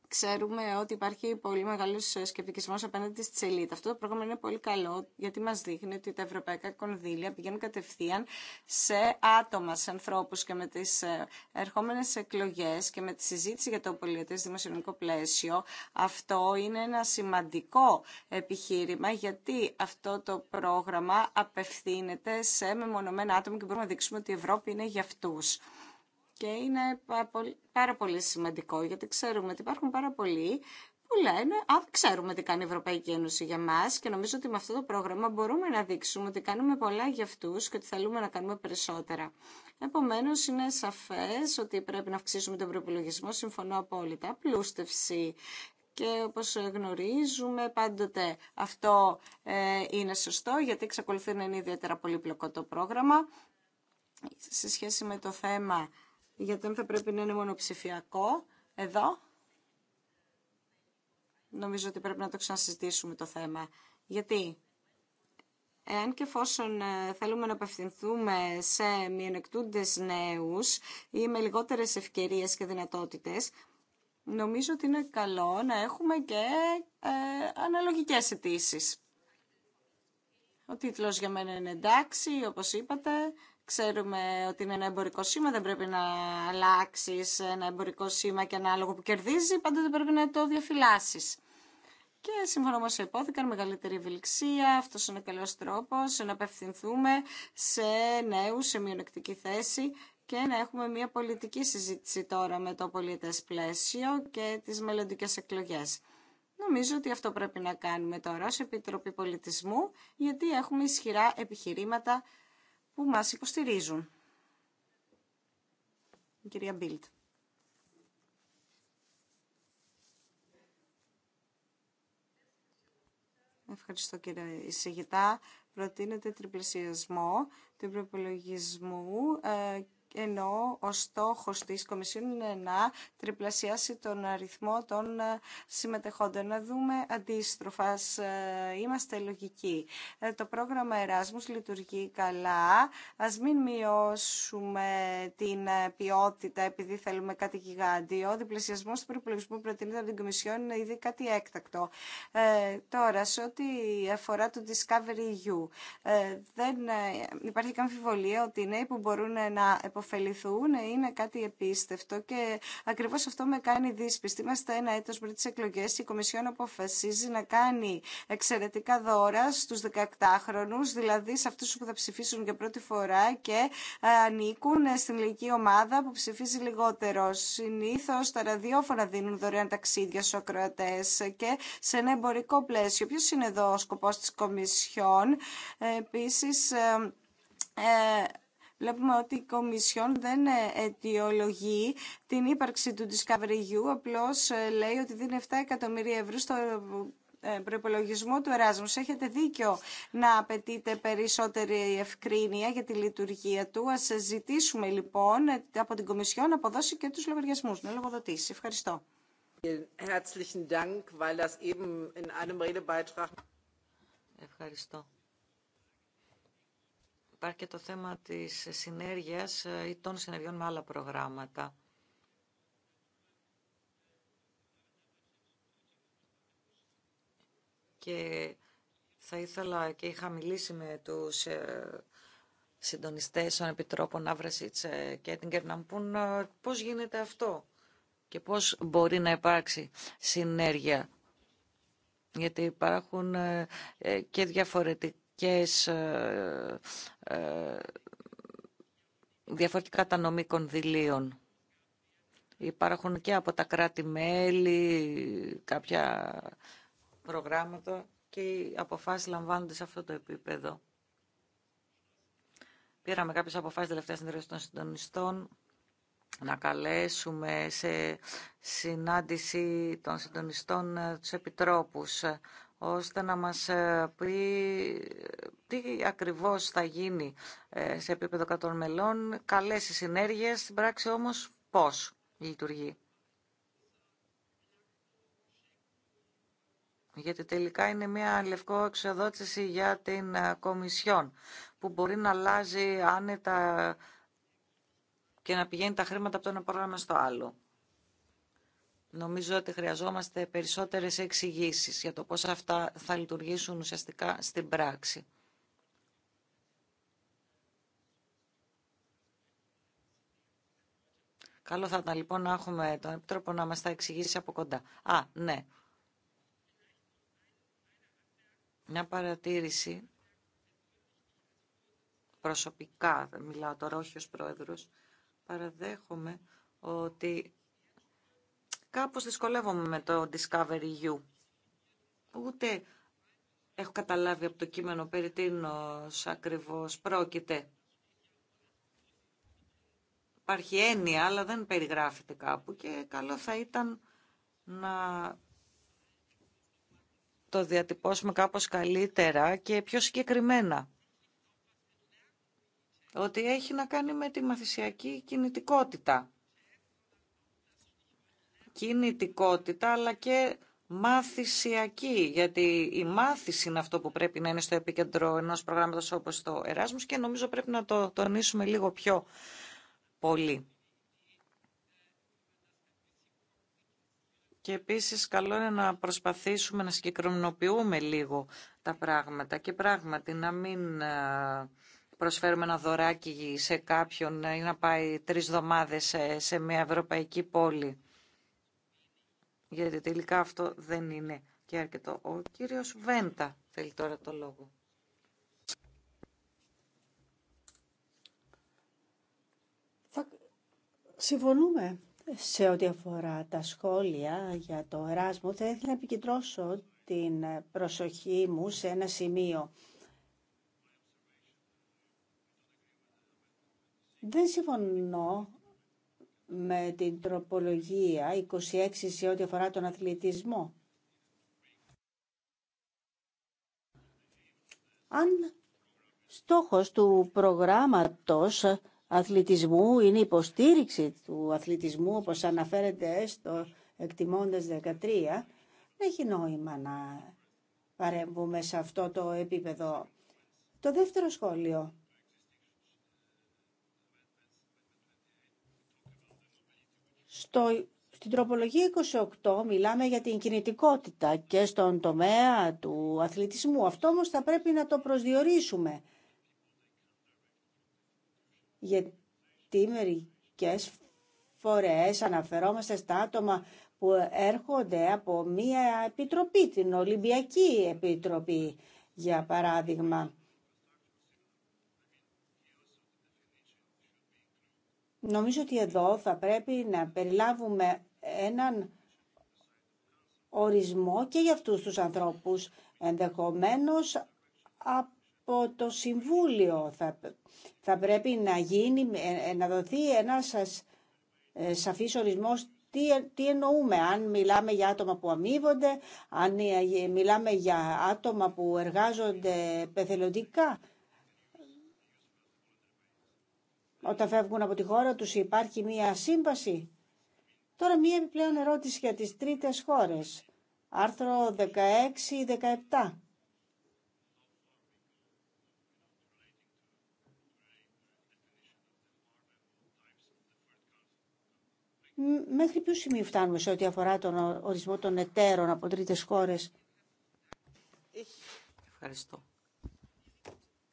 Ξέρουμε ότι υπάρχει πολύ μεγάλο ε, σκεπτικισμό απέναντι στη σελίδα. Αυτό το πρόγραμμα είναι πολύ καλό γιατί μα δείχνει ότι τα ευρωπαϊκά κονδύλια πηγαίνουν κατευθείαν σε άτομα, σε ανθρώπου και με τι ε, ερχόμενε εκλογέ και με τη συζήτηση για το πολιτέ δημοσιονομικό πλαίσιο. Αυτό είναι ένα σημαντικό επιχείρημα γιατί αυτό το πρόγραμμα απευθύνεται σε μεμονωμένα άτομα και μπορούμε να δείξουμε ότι η Ευρώπη είναι για αυτού. Και είναι πάρα πολύ σημαντικό, γιατί ξέρουμε ότι υπάρχουν πάρα πολλοί που λένε «Α, ξέρουμε τι κάνει η Ευρωπαϊκή Ένωση για μας» και νομίζω ότι με αυτό το πρόγραμμα μπορούμε να δείξουμε ότι κάνουμε πολλά για αυτούς και ότι θέλουμε να κάνουμε περισσότερα. Επομένως, είναι σαφές ότι πρέπει να αυξήσουμε τον προπολογισμό, συμφωνώ απόλυτα, πλούστευση και όπως γνωρίζουμε πάντοτε αυτό ε, είναι σωστό γιατί εξακολουθεί να είναι ιδιαίτερα πολύπλοκο το πρόγραμμα. Σε σχέση με το θέμα γιατί αν θα πρέπει να είναι μονοψηφιακό εδώ. Νομίζω ότι πρέπει να το ξανασυζητήσουμε το θέμα. Γιατί εάν και εφόσον ε, θέλουμε να απευθυνθούμε σε μειονεκτούντες νέους ή με λιγότερες ευκαιρίες και δυνατότητες, νομίζω ότι είναι καλό να έχουμε και ε, αναλογικές αιτήσει. Ο τίτλος για μένα είναι εντάξει, όπως είπατε, Ξέρουμε ότι είναι ένα εμπορικό σήμα, δεν πρέπει να αλλάξει ένα εμπορικό σήμα και ένα άλογο που κερδίζει, πάντοτε πρέπει να το διαφυλάσει. Και σύμφωνα με όσο υπόθηκαν, μεγαλύτερη ευελιξία, αυτό είναι καλό τρόπο να απευθυνθούμε σε νέου, σε μειονεκτική θέση και να έχουμε μια πολιτική συζήτηση τώρα με το πολιτέ πλαίσιο και τι μελλοντικέ εκλογέ. Νομίζω ότι αυτό πρέπει να κάνουμε τώρα ως Επιτροπή Πολιτισμού, γιατί έχουμε ισχυρά επιχειρήματα που μας υποστηρίζουν. Η κυρία Μπίλτ. Ευχαριστώ κύριε Ισηγητά. Προτείνεται τριπλασιασμό του προπολογισμού ε, ενώ ο στόχος της Κομισιόν είναι να τριπλασιάσει τον αριθμό των ε, συμμετεχόντων. Να δούμε αντίστροφα, ε, είμαστε λογικοί. Ε, το πρόγραμμα Εράσμους λειτουργεί καλά, ας μην μειώσουμε την ποιότητα επειδή θέλουμε κάτι γιγάντιο. Ο διπλασιασμό του προπολογισμού που προτείνεται από την Κομισιόν είναι ήδη κάτι έκτακτο. τώρα, σε ό,τι αφορά το Discovery U, ε, δεν υπάρχει καμφιβολία ότι οι νέοι που μπορούν να είναι κάτι επίστευτο και ακριβώ αυτό με κάνει δύσπιστη. Είμαστε ένα έτος πριν τι εκλογές, η Κομισιόν αποφασίζει να κάνει εξαιρετικά δώρα στου 18 χρονου δηλαδή σε αυτού που θα ψηφίσουν για πρώτη φορά και ε, ανήκουν στην ηλική ομάδα που ψηφίζει λιγότερο. Συνήθω τα ραδιόφωνα δίνουν δωρεάν ταξίδια στου ακροατέ και σε ένα εμπορικό πλαίσιο. Ποιο είναι εδώ ο σκοπό τη Κομισιόν. Ε, επίσης, ε, ε Βλέπουμε ότι η Κομισιόν δεν ε, αιτιολογεί την ύπαρξη του Discovery U, απλώς ε, λέει ότι δίνει 7 εκατομμύρια ευρώ στο ε, προπολογισμό του Εράσμου. Έχετε δίκιο να απαιτείτε περισσότερη ευκρίνεια για τη λειτουργία του. Ας ζητήσουμε λοιπόν από την Κομισιόν να αποδώσει και τους λογαριασμούς, να λογοδοτήσει. Ευχαριστώ. Ευχαριστώ. Υπάρχει και το θέμα της συνέργειας ε, ή των συνεργειών με άλλα προγράμματα. Και θα ήθελα και είχα μιλήσει με τους ε, συντονιστές των Επιτρόπων Αύρεσιτς και την να μου πούν ε, πώς γίνεται αυτό και πώς μπορεί να υπάρξει συνέργεια. Γιατί υπάρχουν και διαφορετικά ε, ε, διαφορετικές τα νομή κονδυλίων. Υπάρχουν και από τα κράτη-μέλη κάποια προγράμματα και οι αποφάσεις λαμβάνονται σε αυτό το επίπεδο. Πήραμε κάποιες αποφάσεις τελευταία των συντονιστών να καλέσουμε σε συνάντηση των συντονιστών ε, τους επιτρόπους ώστε να μας ε, πει τι ακριβώς θα γίνει ε, σε επίπεδο κατών μελών. Καλές οι συνέργειες, στην πράξη όμως πώς λειτουργεί. Γιατί τελικά είναι μια λευκό εξοδότηση για την ε, Κομισιόν που μπορεί να αλλάζει άνετα και να πηγαίνει τα χρήματα από το ένα πρόγραμμα στο άλλο. Νομίζω ότι χρειαζόμαστε περισσότερες εξηγήσει για το πώς αυτά θα λειτουργήσουν ουσιαστικά στην πράξη. Καλό θα ήταν λοιπόν να έχουμε τον Επιτρόπο να μας τα εξηγήσει από κοντά. Α, ναι. Μια παρατήρηση προσωπικά, μιλάω τώρα όχι ως πρόεδρος, παραδέχομαι ότι Κάπως δυσκολεύομαι με το Discovery you. Ούτε έχω καταλάβει από το κείμενο περί τίνος ακριβώς πρόκειται. Υπάρχει έννοια, αλλά δεν περιγράφεται κάπου και καλό θα ήταν να το διατυπώσουμε κάπως καλύτερα και πιο συγκεκριμένα. Ότι έχει να κάνει με τη μαθησιακή κινητικότητα κινητικότητα αλλά και μάθησιακή, γιατί η μάθηση είναι αυτό που πρέπει να είναι στο επίκεντρο ενός προγράμματος όπως το Εράσμους και νομίζω πρέπει να το τονίσουμε λίγο πιο πολύ. Και επίσης καλό είναι να προσπαθήσουμε να συγκεκριμενοποιούμε λίγο τα πράγματα και πράγματι να μην ε, προσφέρουμε ένα δωράκι σε κάποιον ή να πάει τρεις εβδομάδες σε μια ευρωπαϊκή πόλη γιατί τελικά αυτό δεν είναι και αρκετό. Ο κύριος Βέντα θέλει τώρα το λόγο. Θα συμφωνούμε σε ό,τι αφορά τα σχόλια για το Εράσμο. Θα ήθελα να επικεντρώσω την προσοχή μου σε ένα σημείο. Δεν συμφωνώ με την τροπολογία 26 σε ό,τι αφορά τον αθλητισμό. Αν στόχος του προγράμματος αθλητισμού είναι η υποστήριξη του αθλητισμού, όπως αναφέρεται στο εκτιμώντας 13, έχει νόημα να παρέμβουμε σε αυτό το επίπεδο. Το δεύτερο σχόλιο Στο, στην τροπολογία 28 μιλάμε για την κινητικότητα και στον τομέα του αθλητισμού. Αυτό όμως θα πρέπει να το προσδιορίσουμε. Γιατί μερικέ φορές αναφερόμαστε στα άτομα που έρχονται από μία επιτροπή, την Ολυμπιακή Επιτροπή, για παράδειγμα. Νομίζω ότι εδώ θα πρέπει να περιλάβουμε έναν ορισμό και για αυτούς τους ανθρώπους. Ενδεχομένως από το Συμβούλιο θα, θα πρέπει να, γίνει, να δοθεί ένας ε, σαφής ορισμός τι, τι εννοούμε, αν μιλάμε για άτομα που αμείβονται, αν μιλάμε για άτομα που εργάζονται πεθελοντικά. όταν φεύγουν από τη χώρα τους υπάρχει μία σύμβαση. Τώρα μία επιπλέον ερώτηση για τις τρίτες χώρες. Άρθρο 16 17. Μέχρι ποιο σημείο φτάνουμε σε ό,τι αφορά τον ορισμό των εταίρων από τρίτες χώρες. Ευχαριστώ.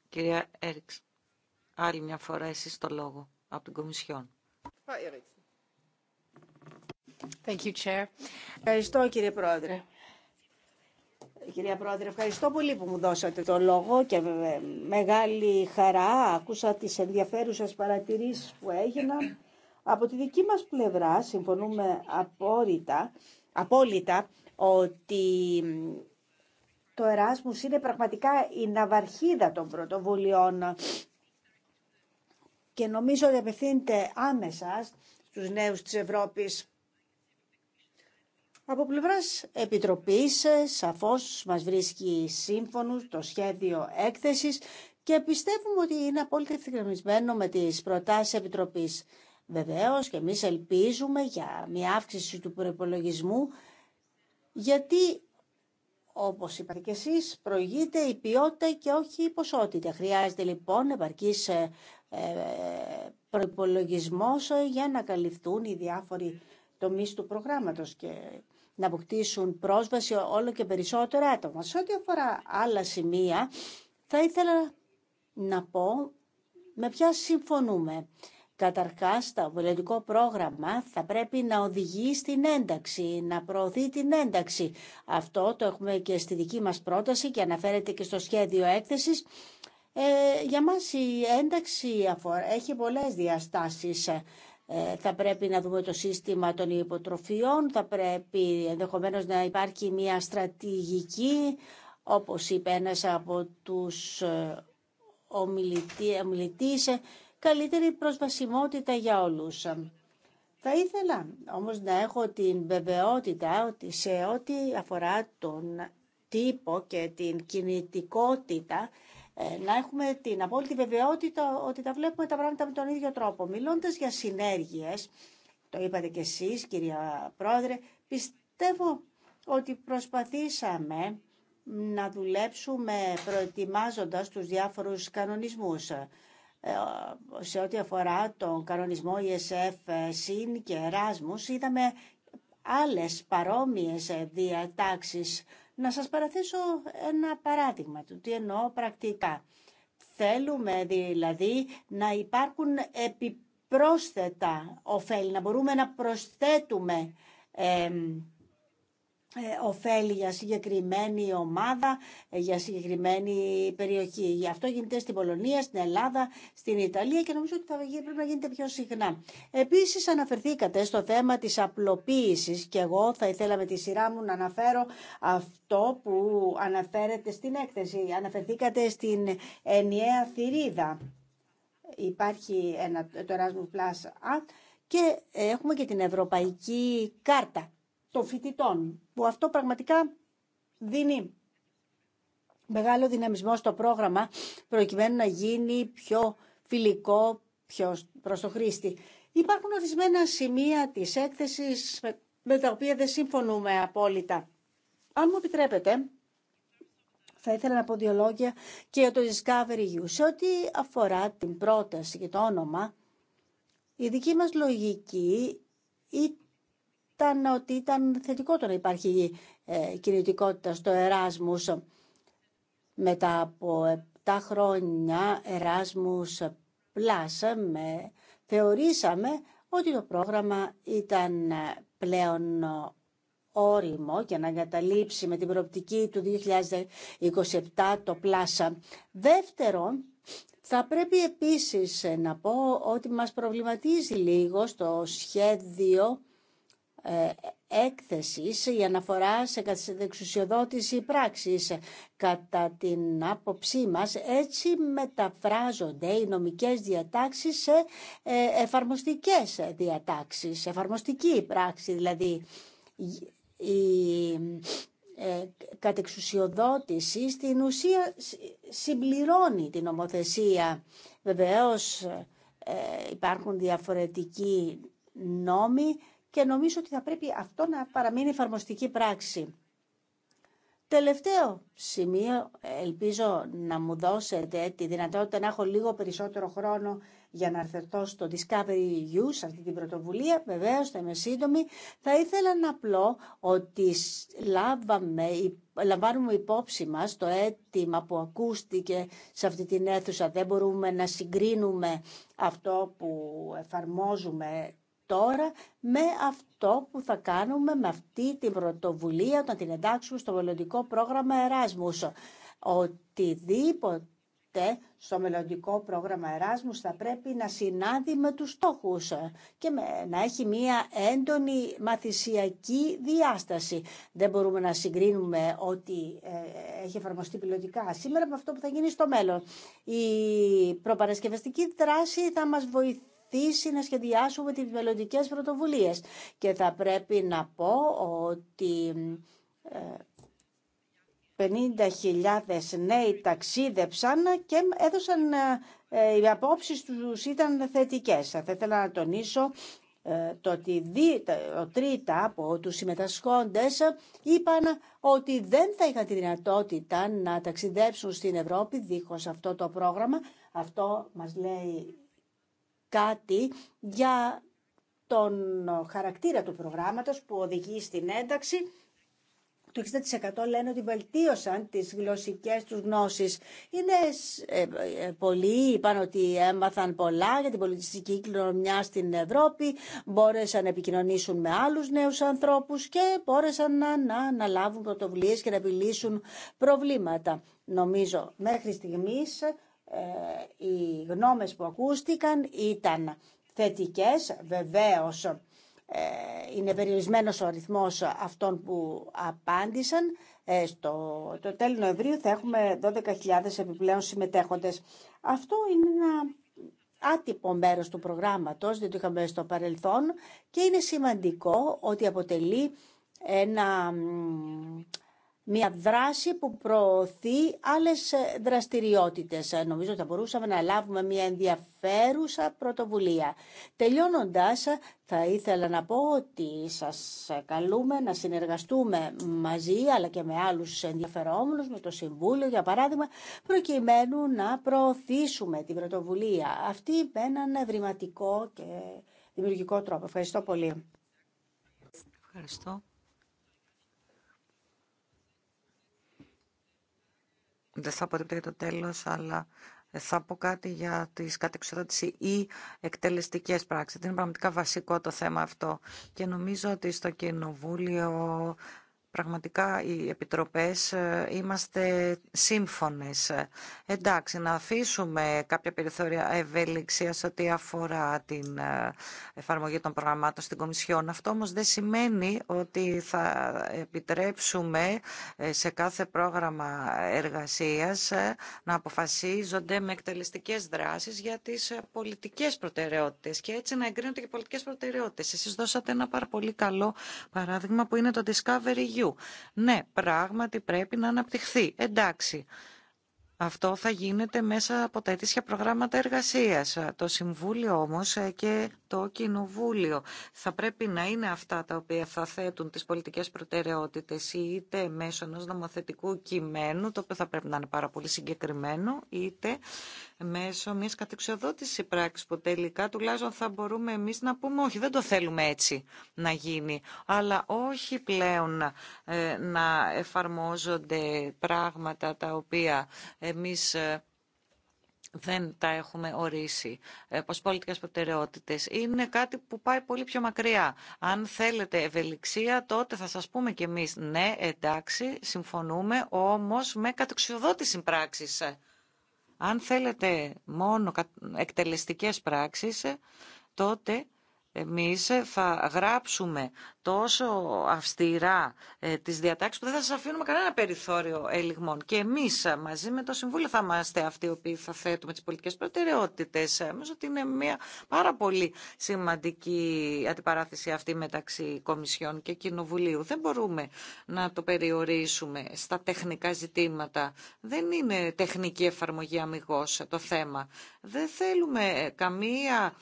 Κυρία Έριξ άλλη μια φορά εσείς το λόγο από την Κομισιόν. Thank you, Chair. Ευχαριστώ κύριε Πρόεδρε. Κυρία Πρόεδρε, ευχαριστώ πολύ που μου δώσατε το λόγο και μεγάλη χαρά άκουσα τις ενδιαφέρουσες παρατηρήσεις που έγιναν. Από τη δική μας πλευρά συμφωνούμε απόλυτα, απόλυτα ότι το Εράσμους είναι πραγματικά η ναυαρχίδα των πρωτοβουλειών και νομίζω ότι απευθύνεται άμεσα στους νέους της Ευρώπης. Από πλευράς Επιτροπής ε, σαφώς μας βρίσκει σύμφωνο το σχέδιο έκθεσης και πιστεύουμε ότι είναι απόλυτα ευθυγραμμισμένο με τις προτάσεις Επιτροπής. Βεβαίως και εμείς ελπίζουμε για μια αύξηση του προπολογισμού γιατί όπως είπατε και εσείς, προηγείται η ποιότητα και όχι η ποσότητα. Χρειάζεται λοιπόν επαρκής ε, ε, προϋπολογισμός ε, για να καλυφθούν οι διάφοροι τομείς του προγράμματος και να αποκτήσουν πρόσβαση όλο και περισσότερα άτομα. Σε ό,τι αφορά άλλα σημεία, θα ήθελα να πω με ποια συμφωνούμε. Καταρχάς, το βουλευτικό πρόγραμμα θα πρέπει να οδηγεί στην ένταξη, να προωθεί την ένταξη. Αυτό το έχουμε και στη δική μας πρόταση και αναφέρεται και στο σχέδιο έκθεσης ε, για μας η ένταξη αφορά, έχει πολλές διαστάσεις. Ε, θα πρέπει να δούμε το σύστημα των υποτροφιών, θα πρέπει ενδεχομένως να υπάρχει μια στρατηγική, όπως είπε από τους ε, ομιλητή, ομιλητής, καλύτερη προσβασιμότητα για όλους. Θα ήθελα όμως να έχω την βεβαιότητα ότι σε ό,τι αφορά τον τύπο και την κινητικότητα ε, να έχουμε την απόλυτη βεβαιότητα ότι τα βλέπουμε τα πράγματα με τον ίδιο τρόπο. Μιλώντας για συνέργειες, το είπατε και εσείς κυρία Πρόεδρε, πιστεύω ότι προσπαθήσαμε να δουλέψουμε προετοιμάζοντας τους διάφορους κανονισμούς ε, σε ό,τι αφορά τον κανονισμό ESF, ΣΥΝ και Εράσμους, είδαμε άλλες παρόμοιες διατάξεις να σας παραθέσω ένα παράδειγμα του τι εννοώ πρακτικά. Θέλουμε δηλαδή να υπάρχουν επιπρόσθετα ωφέλη, να μπορούμε να προσθέτουμε ε, ε, ωφέλη για συγκεκριμένη ομάδα, ε, για συγκεκριμένη περιοχή. Γι' αυτό γίνεται στην Πολωνία, στην Ελλάδα, στην Ιταλία και νομίζω ότι θα πρέπει να γίνεται πιο συχνά. Επίσης αναφερθήκατε στο θέμα της απλοποίησης και εγώ θα ήθελα με τη σειρά μου να αναφέρω αυτό που αναφέρεται στην έκθεση. Αναφερθήκατε στην ενιαία θηρίδα. Υπάρχει ένα, το Erasmus Plus και έχουμε και την Ευρωπαϊκή Κάρτα των φοιτητών, που αυτό πραγματικά δίνει μεγάλο δυναμισμό στο πρόγραμμα, προκειμένου να γίνει πιο φιλικό πιο προς το χρήστη. Υπάρχουν ορισμένα σημεία της έκθεσης με τα οποία δεν συμφωνούμε απόλυτα. Αν μου επιτρέπετε, θα ήθελα να πω δύο λόγια και για το Discovery U. Σε ό,τι αφορά την πρόταση και το όνομα, η δική μας λογική ήταν ότι ήταν θετικό το να υπάρχει ε, κινητικότητα στο Εράσμους. Μετά από 7 χρόνια Εράσμους ε, με θεωρήσαμε ότι το πρόγραμμα ήταν ε, πλέον όριμο και να εγκαταλείψει με την προοπτική του 2027 το πλάσα. Δεύτερον, θα πρέπει επίσης να πω ότι μας προβληματίζει λίγο στο σχέδιο ε, έκθεσης η αναφορά σε κατεξουσιοδότηση πράξης. Κατά την άποψή μας έτσι μεταφράζονται οι νομικές διατάξεις σε ε, εφαρμοστικές διατάξεις, εφαρμοστική πράξη δηλαδή. Η ε, κατεξουσιοδότηση στην ουσία συμπληρώνει την νομοθεσία. Βεβαίως υπάρχουν διαφορετικοί νόμοι και νομίζω ότι θα πρέπει αυτό να παραμείνει εφαρμοστική πράξη. Τελευταίο σημείο, ελπίζω να μου δώσετε τη δυνατότητα να έχω λίγο περισσότερο χρόνο για να αρθετώ στο Discovery EU, σε αυτή την πρωτοβουλία, βεβαίω θα είμαι σύντομη. Θα ήθελα να απλώ ότι λάβαμε, λαμβάνουμε υπόψη μας το αίτημα που ακούστηκε σε αυτή την αίθουσα. Δεν μπορούμε να συγκρίνουμε αυτό που εφαρμόζουμε τώρα με αυτό που θα κάνουμε με αυτή την πρωτοβουλία όταν την εντάξουμε στο μελλοντικό πρόγραμμα Εράσμους. Οτιδήποτε στο μελλοντικό πρόγραμμα Εράσμους θα πρέπει να συνάδει με τους στόχους και να έχει μία έντονη μαθησιακή διάσταση. Δεν μπορούμε να συγκρίνουμε ότι ε, έχει εφαρμοστεί πιλωτικά σήμερα με αυτό που θα γίνει στο μέλλον. Η προπαρασκευαστική δράση θα μας βοηθήσει προσπαθήσει να σχεδιάσουμε τις μελλοντικέ πρωτοβουλίες. Και θα πρέπει να πω ότι 50.000 ε, νέοι ταξίδεψαν και έδωσαν, ε, οι απόψεις τους ήταν θετικές. Θα ήθελα να τονίσω ε, το ότι ο τρίτα από τους συμμετασχόντες είπαν ότι δεν θα είχαν τη δυνατότητα να ταξιδέψουν στην Ευρώπη δίχως αυτό το πρόγραμμα. Αυτό μας λέει κάτι για τον χαρακτήρα του προγράμματος που οδηγεί στην ένταξη. Το 60% λένε ότι βελτίωσαν τις γλωσσικές τους γνώσεις. Είναι ε, ε, πολλοί, είπαν ότι έμαθαν πολλά για την πολιτιστική κληρονομιά στην Ευρώπη, μπόρεσαν να επικοινωνήσουν με άλλους νέους ανθρώπους και μπόρεσαν να, να αναλάβουν πρωτοβουλίες και να επιλύσουν προβλήματα. Νομίζω μέχρι στιγμής ε, οι γνώμες που ακούστηκαν ήταν θετικές, βεβαίως ε, είναι περιορισμένος ο αριθμός αυτών που απάντησαν. Ε, στο το Νοεμβρίου θα έχουμε 12.000 επιπλέον συμμετέχοντες. Αυτό είναι ένα άτυπο μέρος του προγράμματος, δεν το είχαμε στο παρελθόν και είναι σημαντικό ότι αποτελεί ένα μια δράση που προωθεί άλλες ε, δραστηριότητες. Ε, νομίζω ότι θα μπορούσαμε να λάβουμε μια ενδιαφέρουσα πρωτοβουλία. Τελειώνοντας, ε, θα ήθελα να πω ότι σας καλούμε να συνεργαστούμε μαζί αλλά και με άλλους ενδιαφερόμενους, με το Συμβούλιο για παράδειγμα, προκειμένου να προωθήσουμε την πρωτοβουλία αυτή με έναν ευρηματικό και δημιουργικό τρόπο. Ευχαριστώ πολύ. Ευχαριστώ. Δεν θα πω τίποτα για το τέλος, αλλά θα πω κάτι για τις κατεξοδότηση ή εκτελεστικές πράξεις. Είναι πραγματικά βασικό το θέμα αυτό. Και νομίζω ότι στο Κοινοβούλιο Πραγματικά οι επιτροπές ε, είμαστε σύμφωνες. Εντάξει, να αφήσουμε κάποια περιθώρια ευελιξία σε ό,τι αφορά την ε, εφαρμογή των προγραμμάτων στην Κομισιόν. Αυτό όμως δεν σημαίνει ότι θα επιτρέψουμε ε, σε κάθε πρόγραμμα εργασίας να αποφασίζονται με εκτελεστικές δράσεις για τις πολιτικές προτεραιότητες και έτσι να εγκρίνονται και πολιτικές προτεραιότητες. Εσείς δώσατε ένα πάρα πολύ καλό παράδειγμα που είναι το Discovery ναι, πράγματι πρέπει να αναπτυχθεί. Εντάξει. Αυτό θα γίνεται μέσα από τα αιτήσια προγράμματα εργασίας. Το Συμβούλιο όμως ε, και το Κοινοβούλιο θα πρέπει να είναι αυτά τα οποία θα θέτουν τις πολιτικές προτεραιότητες είτε μέσω ενός νομοθετικού κειμένου, το οποίο θα πρέπει να είναι πάρα πολύ συγκεκριμένο, είτε μέσω μιας κατεξοδότησης πράξης που τελικά τουλάχιστον θα μπορούμε εμείς να πούμε όχι δεν το θέλουμε έτσι να γίνει αλλά όχι πλέον ε, να εφαρμόζονται πράγματα τα οποία εμείς ε, δεν τα έχουμε ορίσει ε, ως πολιτικές προτεραιότητες. Είναι κάτι που πάει πολύ πιο μακριά. Αν θέλετε ευελιξία, τότε θα σας πούμε κι εμείς ναι, εντάξει, συμφωνούμε, όμως με κατεξοδότηση πράξης. Αν θέλετε μόνο εκτελεστικές πράξεις, τότε εμείς θα γράψουμε τόσο αυστηρά ε, τις διατάξεις που δεν θα σας αφήνουμε κανένα περιθώριο ελιγμών. Και εμείς μαζί με το Συμβούλιο θα είμαστε αυτοί οι οποίοι θα θέτουμε τις πολιτικές προτεραιότητες. Νομίζω ότι είναι μια πάρα πολύ σημαντική αντιπαράθεση αυτή μεταξύ Κομισιών και Κοινοβουλίου. Δεν μπορούμε να το περιορίσουμε στα τεχνικά ζητήματα. Δεν είναι τεχνική εφαρμογή αμυγός το θέμα. Δεν θέλουμε καμία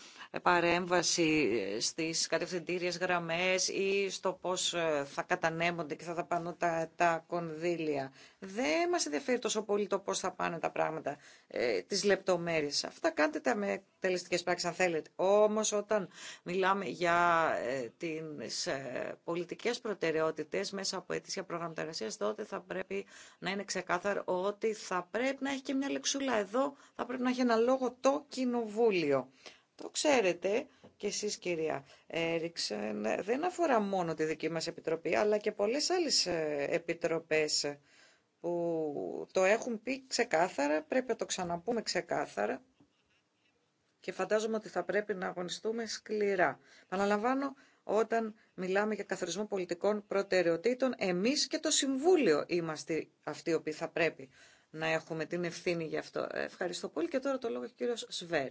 παρέμβαση στις κατευθυντήριες γραμμές ή στο πώς ε, θα κατανέμονται και θα δαπανούν τα, τα κονδύλια. Δεν μας ενδιαφέρει τόσο πολύ το πώς θα πάνε τα πράγματα, ε, τις λεπτομέρειες. Αυτά κάντε τα με τελεστικές πράξεις αν θέλετε. Όμως όταν μιλάμε για ε, τις ε, πολιτικές προτεραιότητες μέσα από αιτήσια πρόγραμματα τότε θα πρέπει να είναι ξεκάθαρο ότι θα πρέπει να έχει και μια λεξούλα εδώ, θα πρέπει να έχει ένα λόγο το κοινοβούλιο. Το ξέρετε και εσείς κυρία Έριξεν, δεν αφορά μόνο τη δική μας επιτροπή, αλλά και πολλές άλλες ε, επιτροπές που το έχουν πει ξεκάθαρα, πρέπει να το ξαναπούμε ξεκάθαρα και φαντάζομαι ότι θα πρέπει να αγωνιστούμε σκληρά. Παναλαμβάνω, όταν μιλάμε για καθορισμό πολιτικών προτεραιοτήτων, εμείς και το Συμβούλιο είμαστε αυτοί οι οποίοι θα πρέπει να έχουμε την ευθύνη γι' αυτό. Ε, ευχαριστώ πολύ και τώρα το λόγο έχει ο κύριος Σβέρ.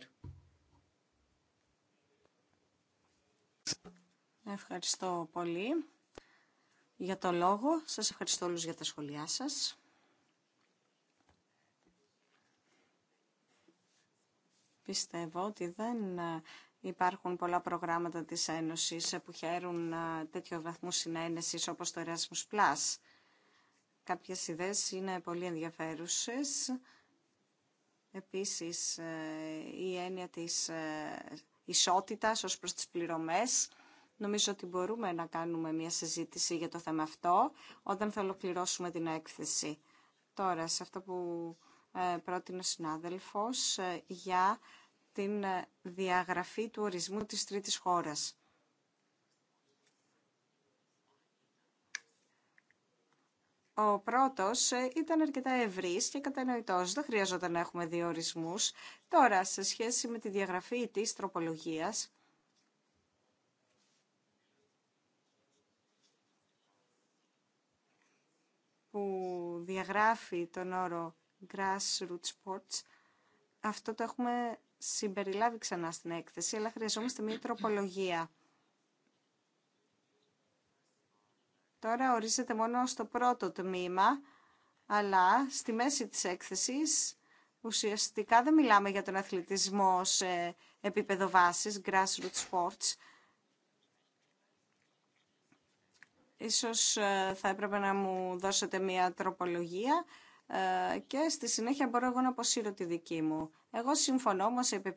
Ευχαριστώ πολύ για το λόγο. Σας ευχαριστώ όλους για τα σχόλιά σας. Πιστεύω ότι δεν ε, υπάρχουν πολλά προγράμματα της Ένωσης που χαίρουν ε, τέτοιο βαθμό συνένεσης όπως το Erasmus+. Κάποιες ιδέες είναι πολύ ενδιαφέρουσες. Επίσης, ε, η έννοια της ισότητας ως προς τις πληρωμές. Νομίζω ότι μπορούμε να κάνουμε μια συζήτηση για το θέμα αυτό όταν θα ολοκληρώσουμε την έκθεση. Τώρα, σε αυτό που ε, πρότεινε ο συνάδελφος ε, για την ε, διαγραφή του ορισμού της τρίτης χώρας. Ο πρώτος ε, ήταν αρκετά ευρύς και κατανοητό. δεν χρειαζόταν να έχουμε διορισμούς. Τώρα, σε σχέση με τη διαγραφή της τροπολογίας, που διαγράφει τον όρο grassroots sports, αυτό το έχουμε συμπεριλάβει ξανά στην έκθεση, αλλά χρειαζόμαστε μια τροπολογία. Τώρα ορίζεται μόνο στο πρώτο τμήμα, αλλά στη μέση της έκθεσης ουσιαστικά δεν μιλάμε για τον αθλητισμό σε επίπεδο βάσης, grassroots sports. Ίσως ε, θα έπρεπε να μου δώσετε μια τροπολογία ε, και στη συνέχεια μπορώ εγώ να αποσύρω τη δική μου. Εγώ συμφωνώ όμως επί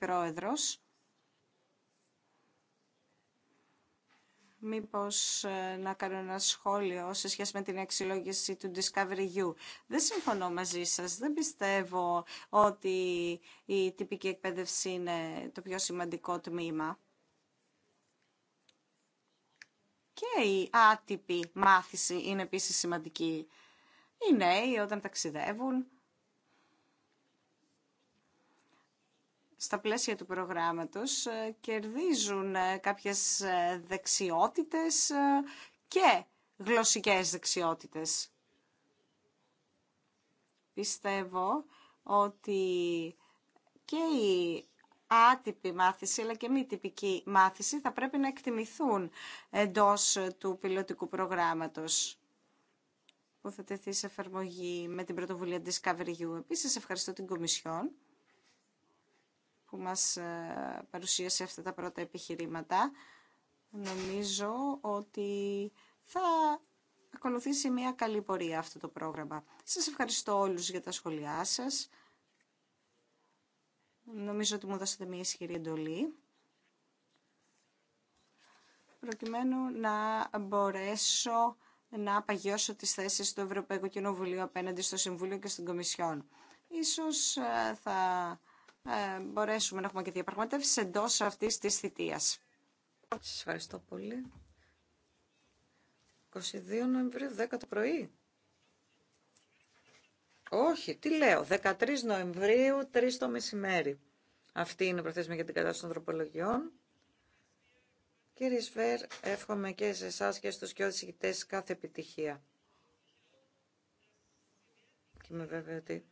μήπως ε, να κάνω ένα σχόλιο σε σχέση με την αξιολόγηση του Discovery U. Δεν συμφωνώ μαζί σας. Δεν πιστεύω ότι η τυπική εκπαίδευση είναι το πιο σημαντικό τμήμα. Και η άτυπη μάθηση είναι επίσης σημαντική. Οι νέοι όταν ταξιδεύουν στα πλαίσια του προγράμματος ε, κερδίζουν ε, κάποιες ε, δεξιότητες και γλωσσικές δεξιότητες. Πιστεύω ότι και η άτυπη μάθηση αλλά και μη τυπική μάθηση θα πρέπει να εκτιμηθούν εντός του πιλωτικού προγράμματος που θα τεθεί σε εφαρμογή με την πρωτοβουλία Discovery You. Επίσης ευχαριστώ την Κομισιόν που μας ε, παρουσίασε αυτά τα πρώτα επιχειρήματα. Νομίζω ότι θα ακολουθήσει μια καλή πορεία αυτό το πρόγραμμα. Σας ευχαριστώ όλους για τα σχόλιά σας. Νομίζω ότι μου δώσατε μια ισχυρή εντολή προκειμένου να μπορέσω να απαγιώσω τις θέσεις του Ευρωπαϊκού Κοινοβουλίου απέναντι στο Συμβούλιο και στην Κομισιόν. Ίσως ε, θα ε, μπορέσουμε να έχουμε και διαπραγματεύσει εντό αυτής της θητείας. Σα ευχαριστώ πολύ. 22 Νοεμβρίου, 10 το πρωί. Όχι, τι λέω, 13 Νοεμβρίου, 3 το μεσημέρι. Αυτή είναι η προθέσμια για την κατάσταση των τροπολογιών. Κύριε Σφέρ, εύχομαι και σε εσά και στους και κάθε επιτυχία. Και είμαι βέβαια ότι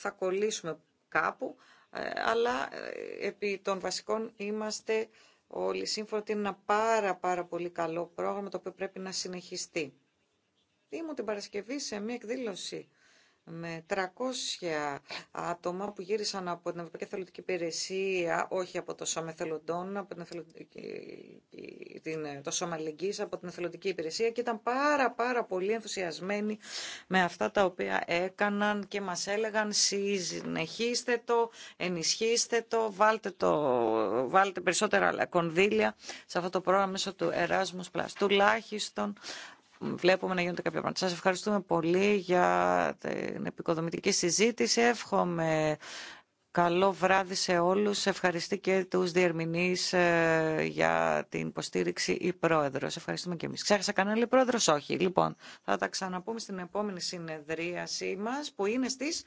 θα κολλήσουμε κάπου, ε, αλλά ε, επί των βασικών είμαστε όλοι σύμφωνοι ότι είναι ένα πάρα πάρα πολύ καλό πρόγραμμα το οποίο πρέπει να συνεχιστεί. Ήμουν την Παρασκευή σε μια εκδήλωση με 300 άτομα που γύρισαν από την Ευρωπαϊκή Θελοντική Υπηρεσία, όχι από το Σώμα Εθελοντών, από την την, το Σώμα από την Εθελοντική Υπηρεσία και ήταν πάρα πάρα πολύ ενθουσιασμένοι με αυτά τα οποία έκαναν και μας έλεγαν συνεχίστε το, ενισχύστε το, βάλτε, το, βάλτε περισσότερα κονδύλια σε αυτό το πρόγραμμα μέσω του Erasmus+. Τουλάχιστον βλέπουμε να γίνονται κάποια πράγματα. Σας ευχαριστούμε πολύ για την επικοδομητική συζήτηση. Εύχομαι καλό βράδυ σε όλους. Ευχαριστεί και τους διερμηνείς ε, για την υποστήριξη η Πρόεδρος. Ευχαριστούμε και εμείς. Ξέχασα κανένα λέει Πρόεδρος, όχι. Λοιπόν, θα τα ξαναπούμε στην επόμενη συνεδρίασή μας που είναι στις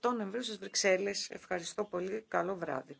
8 Νοεμβρίου στις Βρυξέλλες. Ευχαριστώ πολύ. Καλό βράδυ.